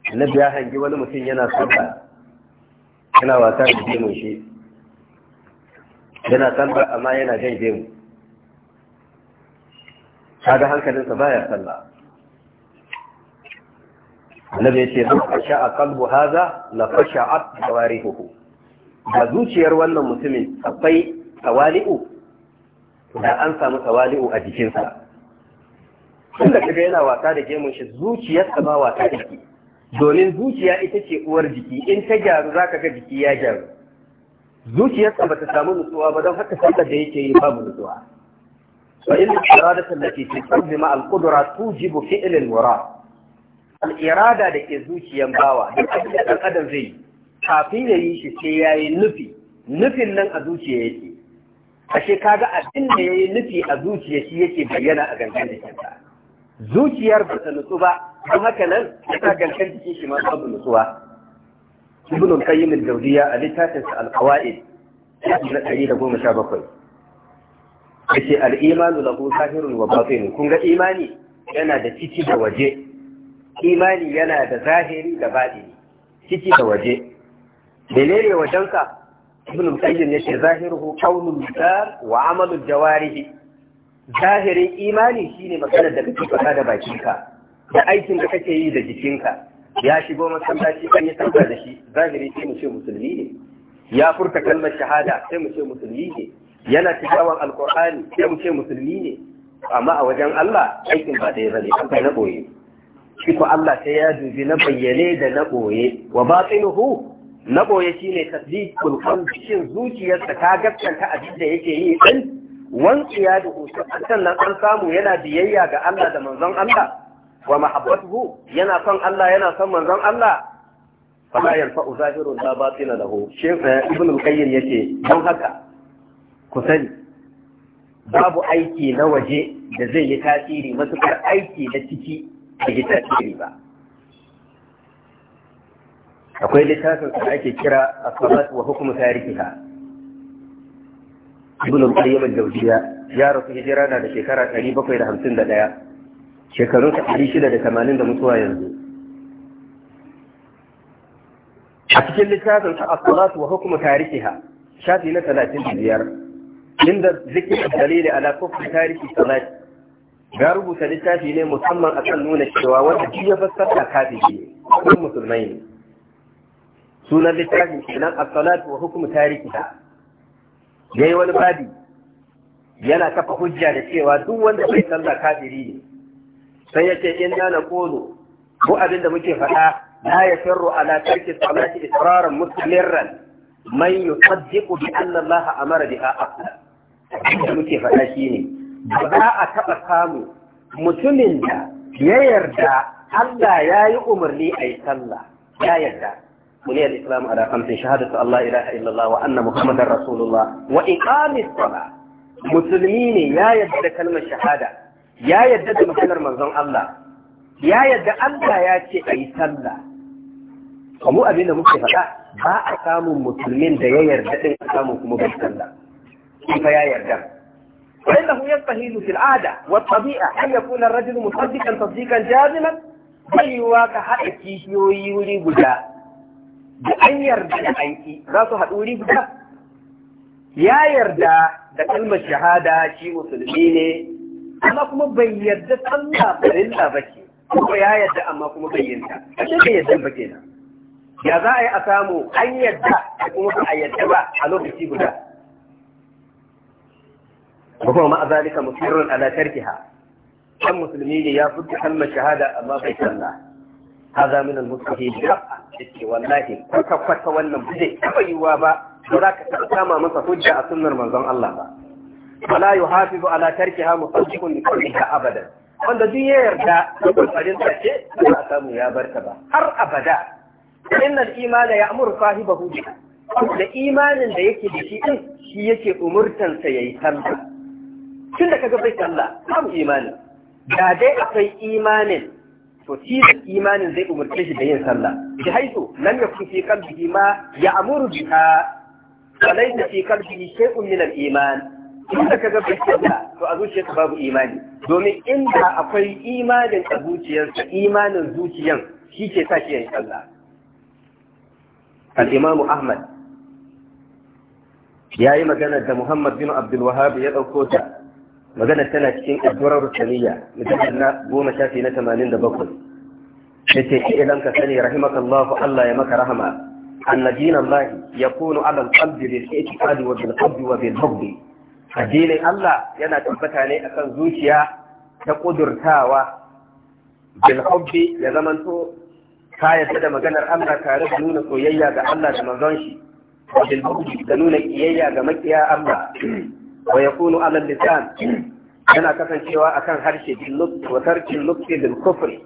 annabi ya hangi wani mutum yana sallah yana wasa da jimin shi yana sallah amma yana gaide mu kaga hankalinsa baya sallah annabi yace man haza qalbu hadha la tsawari jawarihuhu da zuciyar wannan mutumin akwai tawali'u da an samu tawali'u a jikinsa da kaga yana wasa da gemun shi zuciyarsa ba wasa da domin zuciya ita ce uwar jiki in ta gyaru zaka ga jiki ya gyaru zuciyarsa ba ta samu nutsuwa ba don haka sallar da yake yi babu nutsuwa fa in iradatu allati fi qalbi ma al-qudra tujibu fi'l al-wara da ke zuciyar bawa duk abin da kadan zai kafin ya yi shi sai yayi nufi nufin nan a zuciya yake ashe kaga abin da yayi nufi a zuciya shi yake bayyana a gangan jikinsa zuciyar ba ta nutsu ba don haka nan ta gangan jikin shi ma babu nutsuwa ibn al-qayyim al-jawziya a littafin sa al-qawaid na ɗari da goma sha bakwai yace al-imanu lahu zahirun wa batin kun ga imani yana da ciki da waje imani yana da zahiri da batini ciki da waje menene wajenka ibn al-qayyim yace zahiruhu qawlul lisan wa amalul jawarihi zahirin imani shine maganar da kake faɗa da bakinka da aikin da kake yi da jikinka ya shigo masallaci an yi sallah da shi zahiri sai mu ce musulmi ne ya furta kalmar shahada sai mu ce musulmi ne yana tilawan alqur'ani sai mu ce musulmi ne amma a wajen Allah aikin ba ya bane an kai na boye shi ko Allah sai ya dubi na bayyane da na boye wa batinuhu na boye shine tasdiqul qalbi shin zuciyarsa ta gaskanta abin da yake yi din wanki a sannan an samu yana biyayya ga Allah da manzon Allah wa mahabbatuhu yana son Allah yana son manzon Allah la yanfa'u zahirun la batina lahu shin eh, ibn al-qayyim yake don haka ku sani babu aiki na waje da zai yi tasiri matukar aiki na ciki da yi tasiri ba akwai littafin da ake kira as-salat wa hukmu tarikiha ibn al-qayyim al-jawziya ya rasu hijira na da shekara 751 shekarun ɗari shida da tamanin da mutuwa yanzu a cikin littafin ta asalatu wa hukuma tarihiha shafi na talatin da biyar inda zikin dalili ala kufin tarihi salati ga rubuta littafi ne musamman a kan nuna cewa wanda shi ya fassara kafiri ne kuma musulmai ne sunan littafin kenan as-salatu wa hukmu ya yayi wani babi yana kafa hujja da cewa duk wanda bai sallah kafiri ne sai ya ce in dana kodo mu abin da muke faɗa la ya firru ala tarki salati israran muslimin man yusaddiqu bi anna allah amara biha afla da muke faɗa shine ba za a taɓa samu mutumin da ya yarda Allah ya yi umarni a yi sallah ya yarda muni al-islam ala khamsin shahadatu Allah ilaha illallah wa wa iqamis sala musulmi ne ya yarda da kalmar shahada ya yadda da maganar manzon Allah ya yadda Allah ya ce a yi sallah kamu abinda muke faɗa ba a samun musulmin da ya yarda ɗin a samun kuma bai sallah in fa ya yarda فإنه يستهيل في العادة والطبيعة أن يكون الرجل مصدقا تصديقا جازما بل يواقع حق كيشيوي ولي بدا za su haɗu wuri guda? Ya yarda da ده shahada shi musulmi ne. amma kuma bai yarda sallah farilla ba ce ko ya yarda amma kuma bai yarda ashe bai yarda ba kenan ya za a yi a samu an yarda kuma ba a yarda ba a lokaci guda ko kuma ma'a zalika musirrun ala tarkiha kan musulmi ne ya furta kalmar shahada amma bai sallah هذا من bai حقا والله Ba كوكا وانا بدي كما يوابا وراك تقسامة a تفجع سنة Allah ba. wala yuhafizu ala tarkiha musaddiqun li qawliha abada. wanda duk ya yarda da kokarin ta ce ba a samu ya bar ta ba har abada innal imana ya'muru sahibahu bi da imanin da yake da shi din shi yake umurtansa yayi sallah tun da kaga bai sallah babu imanin da dai akwai imanin to shi imanin zai umurce shi da yin sallah bi haitu lam yakun fi qalbihi ma ya'muru biha wa laysa fi qalbihi shay'un min al-iman inda ka ga fiskanta to a zuciyarsa babu imani domin inda akwai imanin a zuciyarsa imanin zuciyan shi ke sa shi yin sallah al-imamu ahmad ya yi magana da muhammad bin abdul wahab ya ɗauko ta magana tana cikin addurar rusaniya mutum na goma shafi na tamanin da bakwai ya ce ki idan ka sani rahimakallahu allah ya maka rahama أن دين الله يكون على القلب بالإعتقاد وبالقبض وبالبغض addinin Allah yana tabbata ne akan zuciya ta ƙudurtawa bil hubbi ya zamanto ka yadda da maganar Allah tare da nuna soyayya ga Allah da manzon shi bil hubbi da nuna kiyayya ga makiya Allah wa yakunu ala lisan yana kasancewa akan harshe bil lutf wa tarkin lutfi bil kufri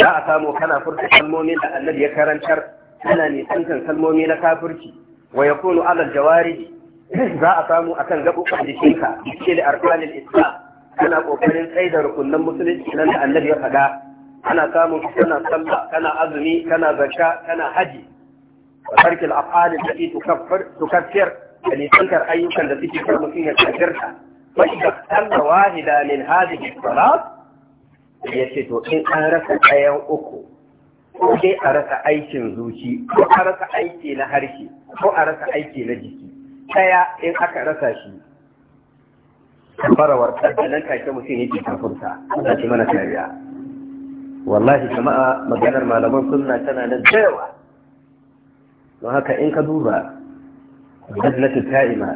za a samu kana furta kalmomin da Allah ya karantar kana nisantan kalmomi na kafirci wa yakunu ala jawarihi za a samu akan gaɓoɓin jikinka ke da arkanin islam kana ƙoƙarin tsaye da rukunan musulunci nan da annabi ya faɗa ana samun kana sallah kana azumi kana zakka kana haji wa tarkil afalin da tukaffir tukaffir da nisantar ayyukan da suke kar mutum ya kafirta fa idza salla wahida min hadhihi salat ce to in an rasa kayan uku ko dai a rasa aikin zuci ko a rasa aiki na harshe ko a rasa aiki na jiki ɗaya in aka rasa shi farawar nan take mutum yake kafurta Allah shi mana kariya wallahi jama'a maganar malaman sunna tana nan da yawa don haka in ka duba lajnatu ta'ima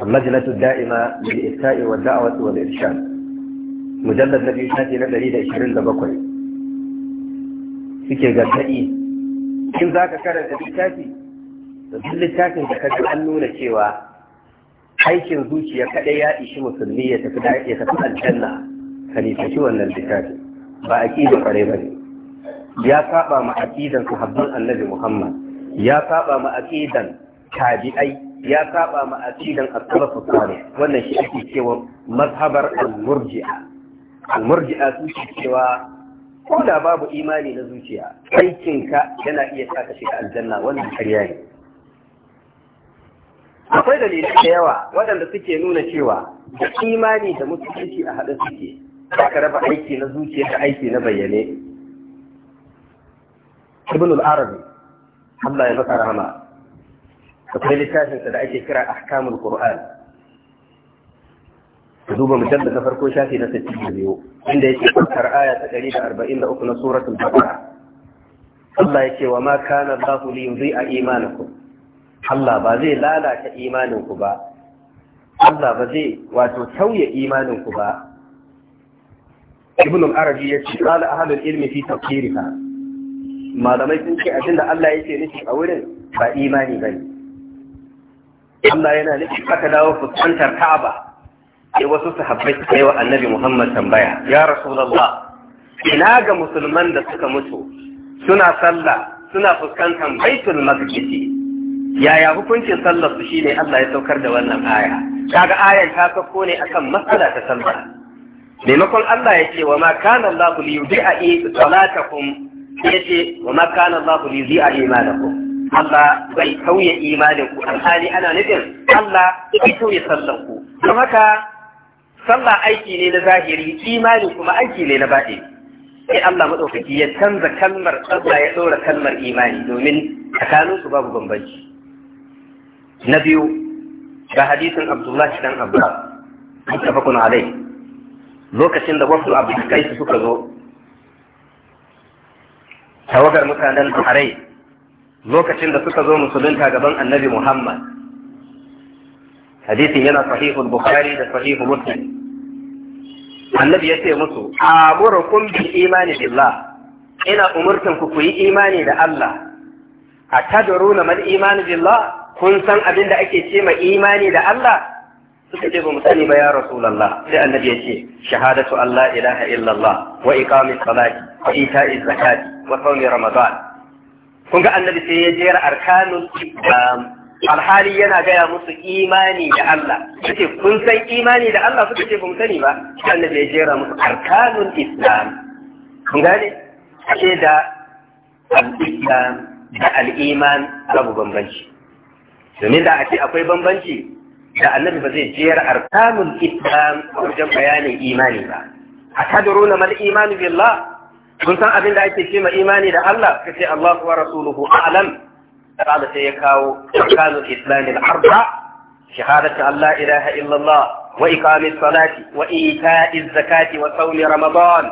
lajnatu da'ima bil ifta'i wa da'wati wal irshad mujallad na biyu shafi na 127 suke gargadi in zaka karanta littafi duk littafin da kaji an nuna cewa aikin zuciya kadai ya ishi musulmi ya tafi da ya tafi aljanna ka nisanci wannan littafi ba aqida ba ne. ya saba ma aqidan sahabban annabi Muhammad ya saba ma aqidan tabi'ai ya saba ma aqidan as-salaf salih wannan shi ake cewa mazhabar al-murji'a al-murji'a su cewa ko da babu imani na zuciya aikinka yana iya sa ka shiga aljanna wannan karya ne akwai dalilai da yawa waɗanda suke nuna cewa imani da mutunci a haɗin suke aka raba aiki na zuciya da aiki na bayyane ibn al-arabi Allah ya maka rahama akwai littafinsa da ake kira ahkamul qur'an duba mujallar na farko shafi na 62 inda yake fassar aya ta 143 na suratul baqara Allah yake wa ma kana Allahu li yudhi'a imanakum Allah ba zai lalata imaninku ba Allah ba zai wato sauya imaninku ba Ibn al-Arabi yace qala ahlul ilmi fi tafsirika malamai sun ce abinda Allah ce nufi a wurin ba imani bane Allah yana nufi aka dawo fuskantar Ka'aba Ya wasu sahabbai suka kai wa Annabi Muhammad tambaya ya Rasulullah ina ga musulman da suka mutu suna sallah suna fuskantar baitul maqdisi yaya hukuncin sallar su shine Allah ya saukar da wannan aya kaga ayar ta sauko ne akan matsala ta sallah maimakon Allah ya ce wa ma kana Allah li yudi'a salatakum yace wa ma kana Allah li yudi'a imanakum Allah bai tauye imanin ku alhali ana nufin Allah bai tauye sallar ku don haka sallah aiki ne na zahiri imanin kuma aiki ne na baɗi sai Allah madaukaki ya canza kalmar Allah ya ɗora kalmar imani domin tsakanin su babu bambanci na biyu ga hadisin abdullahi dan abbas mutafakun alai lokacin da wasu abokai suka zo tawagar mutanen harai lokacin da suka zo musulunta gaban annabi muhammad hadisin yana sahihul bukhari da sahihu muslim annabi ya ce musu amurukum bil imani billah ina umurtan ku ku yi imani da Allah a tadruna mal imani billah kun san abin da ake ce ma imani da Allah suka ce ba mu sani ba ya rasulullah sai annabi ya ce shahadatu Allah ilaha illallah wa iqamis salati wa ita'iz zakati wa sawmi ramadan kun ga annabi sai ya jera arkanul islam alhali yana gaya musu imani da Allah suke kun san imani da Allah suka ce ba mu sani ba shi annabi ya jera musu arkanun islam kun gane ashe da al-islam da al-iman babu bambanci domin da a ce akwai bambanci da annabi ba zai jiyar arkanul islam a wajen bayanin imani ba a tadruna mal imani billah kun san abin da ake ce ma imani da Allah ka ce Allah wa rasuluhu a'lam da sai ya kawo arkanul islam al-arba shahadatu Allah ilaha illallah wa iqamis salati wa ita'iz zakati wa sawmi ramadan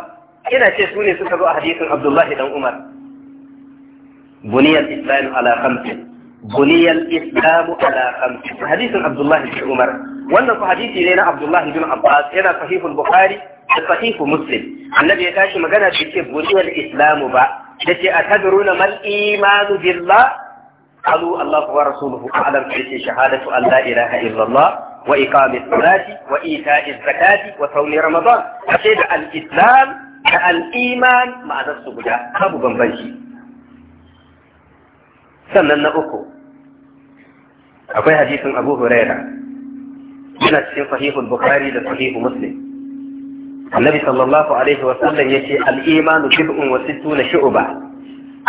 ina ce su ne suka zo a hadisin Abdullahi dan Umar buniyar islam ala khamsin بني الإسلام على خمس حديث عبد الله بن عمر وأنه حديث لنا عبد الله بن عباس هنا صحيح البخاري صحيح مسلم النبي يتاشي مغانا بيكي بني الإسلام با يتي أتدرون ما الإيمان بالله قالوا الله ورسوله أعلم في شهادة أن لا إله إلا الله وإقام الصلاة وإيتاء الزكاة وصوم رمضان أشهد الإسلام الإيمان مع نفسه أبو بنبنشي sannan na uku akwai hadisin Abu Huraira yana cikin sahihul Bukhari da sahihu Muslim Annabi sallallahu alaihi wa sallam yace al-imanu bid'un wa sittuna shu'ba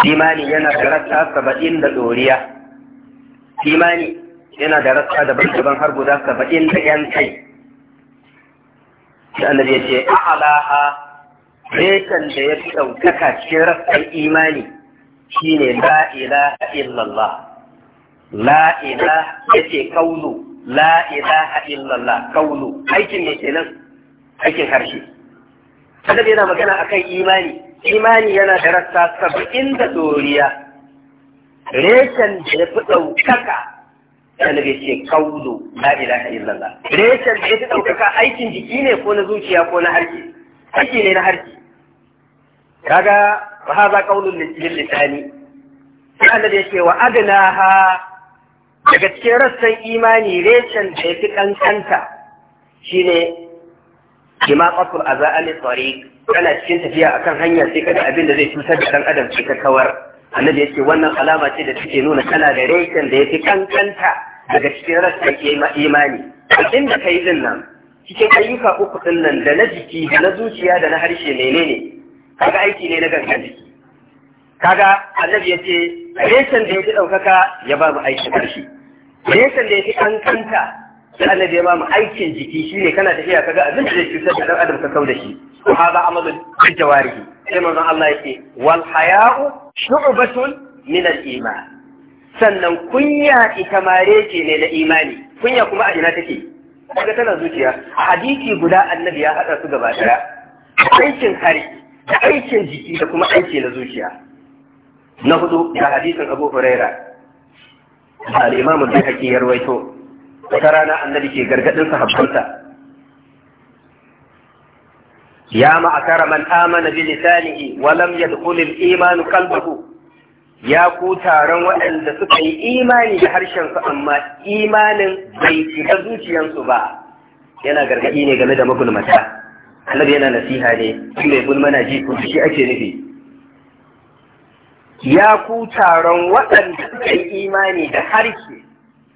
imani yana da rassa saba'in da doriya imani yana da rassa daban-daban har guda saba'in da yan kai da annabi yace a'laha rekan da ya fi ɗaukaka cikin rassan imani shine la ilaha illallah la ilaha yace kaulu la ilaha illallah kaulu aikin ne kenan aikin harshe annabi yana magana akan imani imani yana da rassa saba'in da doriya reshen da ya fi ɗaukaka annabi ce kaulu la ilaha illallah reshen da ya fi ɗaukaka aikin jiki ne ko na zuciya ko na harshe aiki ne na harshe kaga fa hadha qawlun lil lisani sai annabi ya ce wa adnaha daga cikin rassan imani reshen da ya fi kankanta shine kimaqatul azali tariq kana cikin tafiya akan hanya sai kada abin da zai cutar da dan adam sai ka kawar annabi yace wannan alama ce da take nuna kana da reshen da ya fi kankanta daga cikin rassan imani abin da kai din nan cikin ayyuka uku din nan da na jiki da na zuciya da na harshe menene kaga aiki ne na gangan jiki kaga annabi yace reshen da ya fi ɗaukaka ya ba mu aikin ƙarshe nisan da ya fi kankanta da annabi ya mu aikin jiki shi ne kana tafiya kaga abin da zai cutar da ɗan adam ka kau da shi wa hada amalu bil jawarihi sai manzon Allah ya wal haya'u shu'batun min al iman sannan kunya ita ma reke ne na imani kunya kuma a ina take kaga tana zuciya a hadisi guda annabi ya haɗa su gaba ɗaya. aikin hari da aikin jiki da kuma aiki na zuciya na hudu ga hadisin Abu Hurairah da al’imamu al haƙi ya wata rana annabi ke gargadin sahabbansa ya ma'akara man amana bi lisanihi wa lam yadkhul al-iman ya ku taron waɗanda suka yi imani da harshensu amma imanin bai shiga zuciyarsu ba yana gargaɗi ne game da magulmata annabi yana nasiha ne mai gulma na ji ko shi ake nufi ya ku taron waɗanda suka yi imani da harshe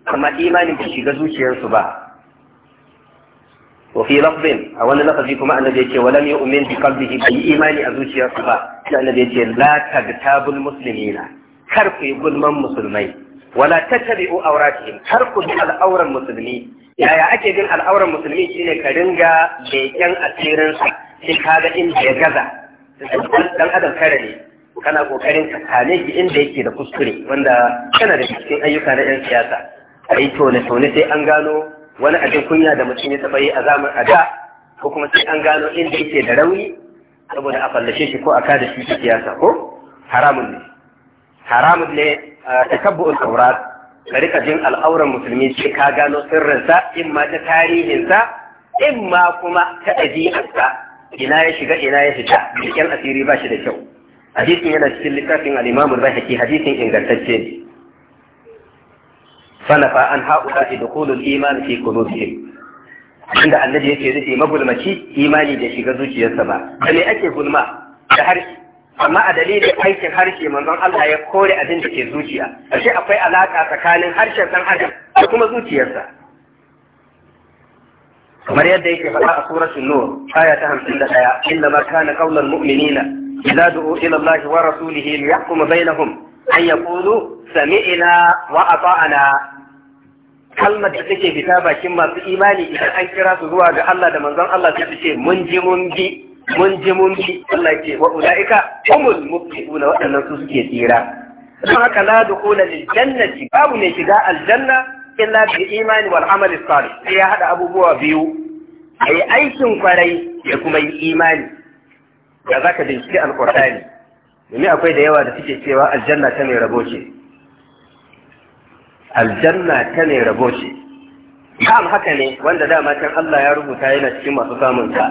amma imanin bai shiga zuciyarsu ba wa fi lafzin a wani lafazi kuma annabi yace wa lam yu'min bi qalbihi bai imani a zuciyarsu ba sai annabi yace la tagtabul muslimina kar ku yi gulman musulmai wala tattabi'u awratihim kar ku bi al'auran musulmi yaya ake bin al'auran musulmi shine ka ringa leƙen asirinsa sai ka ga inda ya gaza dan adam kare ne kana kokarin ka kame shi inda yake da kuskure wanda kana da cikin ayyuka na 'yan siyasa a yi tone-tone sai an gano wani abin kunya da mutum ya taɓa yi a zaman a da ko kuma sai an gano inda yake da rauni saboda a fallashe shi ko a kada shi ta siyasa ko haramun ne haramun ne ta kabbu'ul aurat ka rika jin al'auran musulmi sai ka gano sirrinsa in ma ta tarihinsa in ma kuma ta ɗabi'arsa ina ya shiga ina ya fita bikin asiri ba shi da kyau hadisin yana cikin littafin al-Imam al-Baihaqi hadisin ingantacce ne fanafa an haula idkhulul iman fi qulubihim inda annabi yake rufe magulmaci imani da shiga zuciyarsa ba da me ake gulma da harshe amma a dalilin aikin harshe manzon Allah ya kore abin da ke zuciya ashe akwai alaka tsakanin harshen dan adam da kuma zuciyarsa kamar yadda yake faɗa a suratul nur aya ta 51 inna ma kana qaulul mu'minina إذا دعوا إلى الله ورسوله ليحكم بينهم أن يقولوا سمعنا وأطعنا kalmar da take fita bakin masu imani idan an kira su zuwa ga Allah da manzon Allah sai su ce mun ji mun bi mun ji mun bi Allah ce wa ulaika humul muflihuna waɗannan su suke tsira don haka la dukhula lil jannati babu ne shiga aljanna illa imani wal amali sai ya abubuwa biyu ai aikin kwarai ya kuma yi imani da za ka binciki alƙur'ani domin akwai da yawa da suke cewa aljanna ta mai rabo ce aljanna ta mai rabo ce kam haka ne wanda dama can Allah ya rubuta yana cikin masu samun ta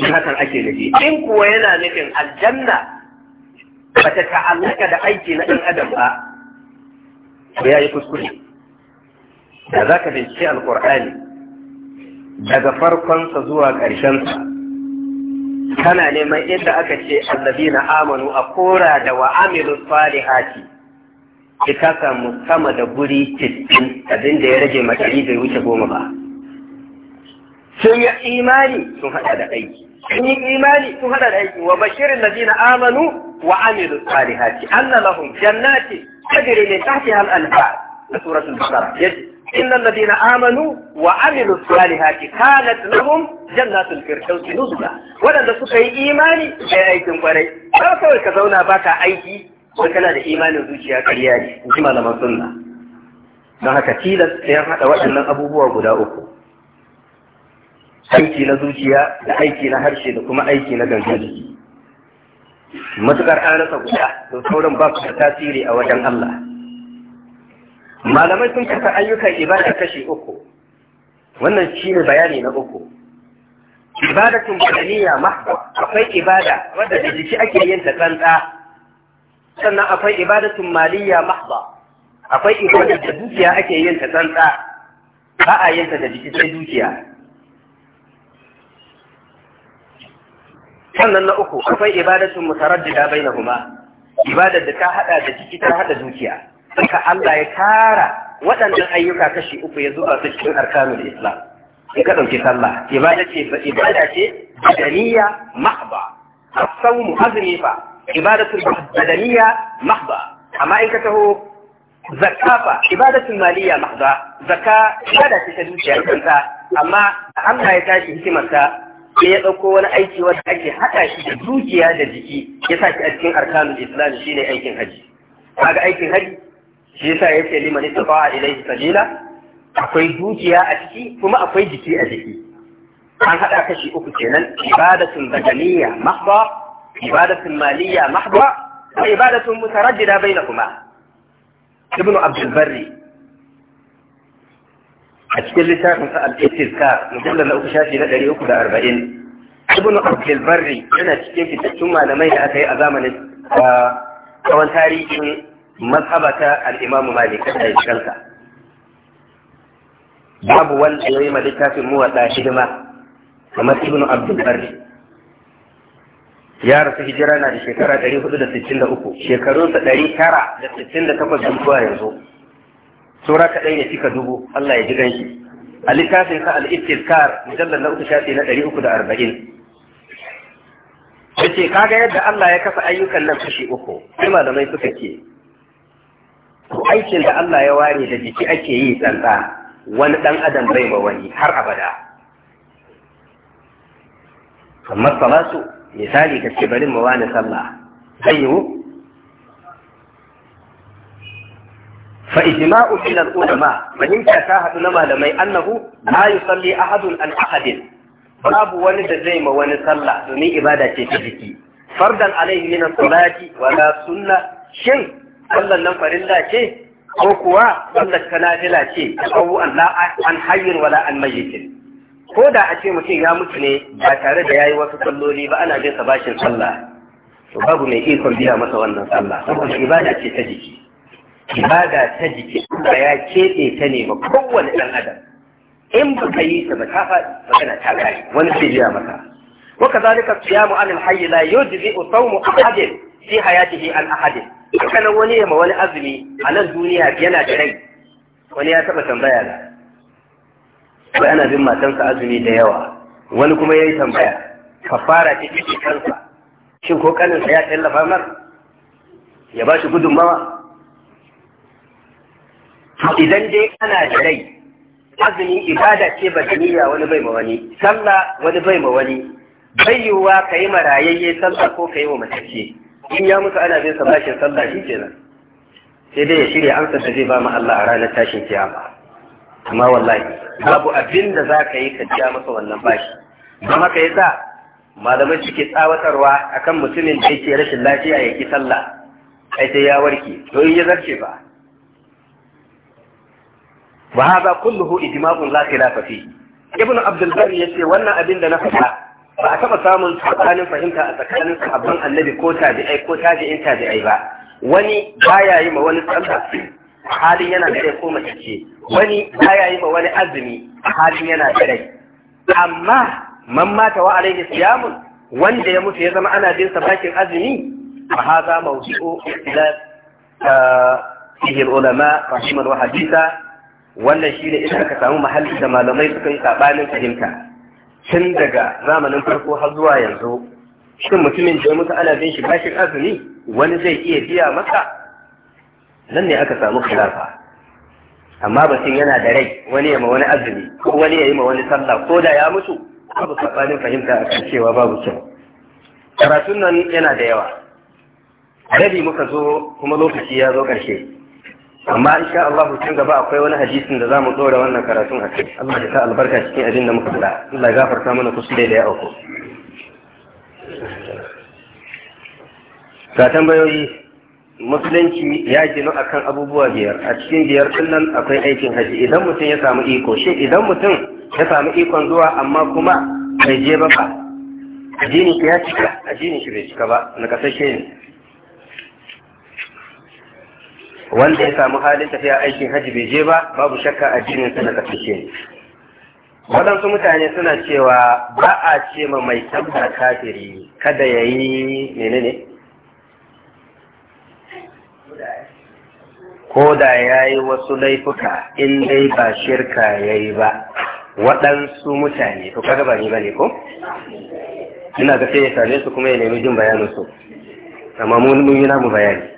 in hakan ake nufi in kuwa yana nufin aljanna ba ta ta'allaka da aiki na ɗan adam ba to ya yi kuskure da za ka binciki alƙur'ani daga farkonsa zuwa ƙarshensa kana neman inda aka ce na amanu a kora da wa amilu salihati ki ka samu sama da guri cikin abin da ya rage makari bai wuce goma ba sun yi imani sun hada da aiki sun yi imani sun hada da aiki wa bashirin zina amanu wa amilu salihati anna lahum jannati tajri min tahtiha al-anhar suratul baqara yadda إن الذين آمنوا وعملوا الصالحات كانت لهم جنات الفردوس waɗanda suka yi imani أي أيتم قري ba kawai ka zauna ba ka aiki ko kana da imanin zuciya kariya in ji malaman sunna don haka haɗa waɗannan abubuwa guda uku aiki na zuciya da aiki na harshe da kuma aiki na gangan jiki matukar an rasa guda to sauran ba da tasiri a wajen Allah malamai sun kasa ayyukan ibada kashi uku wannan shi ne bayani na uku ibadatun badaniya mahwa akwai ibada wadda da jiki ake yin ta tsantsa sannan akwai ibadatun maliya mahwa akwai ibada da dukiya ake yin ta tsantsa ba a yin ta da jiki sai dukiya sannan na uku akwai ibadatun mutaraddida bainahuma ibadar da ta hada da jiki ta hada dukiya haka Allah ya tara waɗannan ayyuka kashi uku ya zuba su cikin arkanul islam in ka ɗauki sallah ibada ce ibada ce badaniya mahba as-sawm azmi fa ibadatu badaniya mahba amma in ka taho zakafa Ibada ibadatul maliya mahda zakka ibada ce ta dukiya kanta amma Allah ya tashi hikimarsa sai ya ɗauko wani aiki wanda ake haɗa shi da dukiya da jiki ya sa shi a cikin arkanul islam shine aikin haji kaga aikin haji shi yasa yake liman istata'a ilayhi sabila akwai dukiya a ciki kuma akwai jiki a jiki an hada kashi uku kenan ibadatun badaniyya mahdha ibadatun maliyya mahdha wa ibadatun mutaraddida bainahuma ibnu abdul barri a cikin littafin sa al-istizkar mujallal na uku shafi na uku da arba'in, ibnu abdul barri yana cikin fitattun malamai da aka yi a zamanin tsawon tarihin mazhabata al-Imam Malik da kansa babu wanda yayi ma littafin muwadda hidima kamar Ibn Abdul Barri ya rasu hijira na da shekara 463 shekarunsa 968 zuwa yanzu sura ta ɗaya ne kika dubu Allah ya ji ganshi a littafin ka al-Istizkar mujallal na uku shafi na 340 yace kaga yadda Allah ya kafa ayyukan nan kashi uku sai malamai suka ce aikin da Allah ya ware da jiki ake yi tsantsa wani ɗan adam bai ba wani har abada amma salatu misali ka ce bari mu wani sallah zai yiwu fa ijma'u min al-ulama fahimta ta hadu na malamai annahu la yusalli ahadun an ahadin babu wani da zai ma wani sallah domin ibada ce ta jiki fardan alaihi min as-salati wala sunna shin sallan nan farilla ce ko kuwa sallar ta nafila ce tsawo an hayyin wala an mayyitin ko da a ce mutum ya mutu ne ba tare da yayi wasu salloli ba ana jin sa bashin sallah to babu mai ikon biya masa wannan sallah saboda ibada ce ta jiki ibada ta jiki Allah ya keɓe ta ne ba kowane ɗan adam in ba ka yi ta ba ta faɗi magana ta kai wani sai biya masa wa kadhalika siyamu anil hayy la yujzi'u sawmu ahadin fi hayatihi an ahadin kana wani wani ma wani azumi a nan duniya yana da rai wani ya taɓa tambaya da ba ana bin matansa azumi da yawa wani kuma ya yi tambaya ka fara ta ciki kansa shin ko kaninsa ya tallafa mar ya ba shi mawa idan dai kana da rai azumi ibada ce ba duniya wani bai ma wani sallah wani bai ma wani bai yiwuwa ka yi marayayye sallah ko ka yi wa matacce in ya musu ana bin sa bashin sallah shi kenan sai dai ya shirya amsa da zai ba Allah a ranar tashin kiyama amma wallahi babu abin da za ka yi ka masa wannan bashi don haka ya sa malamai suke tsawatarwa akan mutumin da yake rashin lafiya ya ki sallah ai sai ya warke to in ya zarce ba wa hadha kulluhu ijma'un la khilafa fi ibnu abdul bari yace wannan abin da na faɗa ba a taɓa samun tsakanin fahimta a tsakanin sahabban annabi ko tabi'ai ko tabi'in tabi'ai ba wani baya yi ma wani sallah halin yana da rai ko mace ce wani baya yi ma wani azumi halin yana da rai amma man mata wa alaihi siyamun wanda ya mutu ya zama ana bin sa bakin azumi fa hadha mawdu'u ila ah, fihi ulama rahimahu hadisa wannan shine idan ka samu mahalli da malamai suka yi tsabanin fahimta tun daga zamanin farko har zuwa yanzu shin mutumin da ya mutu ana bin shi bashin azumi wani zai iya biya masa nan ne aka samu khilafa amma batun yana da rai wani ya ma wani azumi ko wani ya yi ma wani sallah ko da ya mutu babu sabanin fahimta a kan cewa babu kyau karatun nan yana da yawa rabi muka zo kuma lokaci ya zo ƙarshe amma insha Allah can gaba akwai wani hadisin da zamu dora wannan karatun a kai Allah ya sa albarka cikin abin da muka fada Allah ya gafarta mana kuskure da ya auku ga tambayoyi musulunci ya ginu akan abubuwa biyar a cikin biyar nan akwai aikin haji idan mutum ya samu iko shi idan mutum ya samu ikon zuwa amma kuma bai je ba ba ya cika ajini shi bai cika ba na kasashe ne wanda ya samu halin tafiya aikin hajji bai je ba babu shakka a jinin sa na kasance ne waɗansu mutane suna cewa ba a ce ma mai tabbar kafiri kada ya yi menene ko da ya yi wasu laifuka in dai ba shirka ya yi ba waɗansu mutane Ko kaga ba ni ba ne ko ina ga sai ya same su kuma ya nemi jin bayanin su amma mun yi namu bayani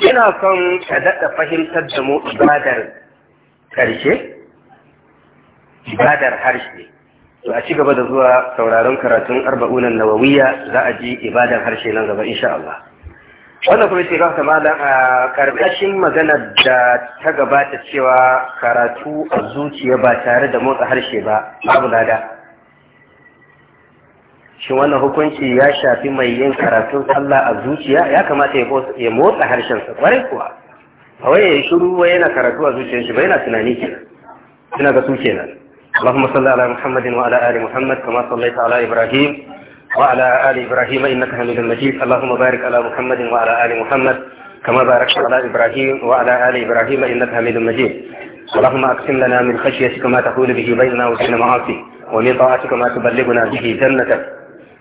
Kina son ka daɗa fahimtar da mu ibadar ƙarshe ibadar harshe to a ci da zuwa sauraron karatun arba'unan nawawiya za a ji ibadar harshe nan gaba insha Allah wannan kuma ce ga mala a karkashin maganar da ta gabata cewa karatu a zuciya ba tare da motsa harshe ba babu lada Shin wannan hukunci ya shafi mai yin karatun sallah a zuciya ya kamata ya motsa harshen sa kwarai kuwa a waye ya shiru wa yana karatu a zuciyar shi bai na tunani ke ina ga su kenan Allahumma salli ala Muhammadin wa ali Muhammad kama sallaita ala Ibrahim wa ali Ibrahim innaka Hamidum Majid Allahumma barik ala Muhammadin wa ali Muhammad kama barakta ala Ibrahim wa ali Ibrahim innaka Hamidum Majid Allahumma aqsim lana min khashyatika ma taqulu bihi bainana wa bain ma'asi ومن طاعتك ما تبلغنا به جنتك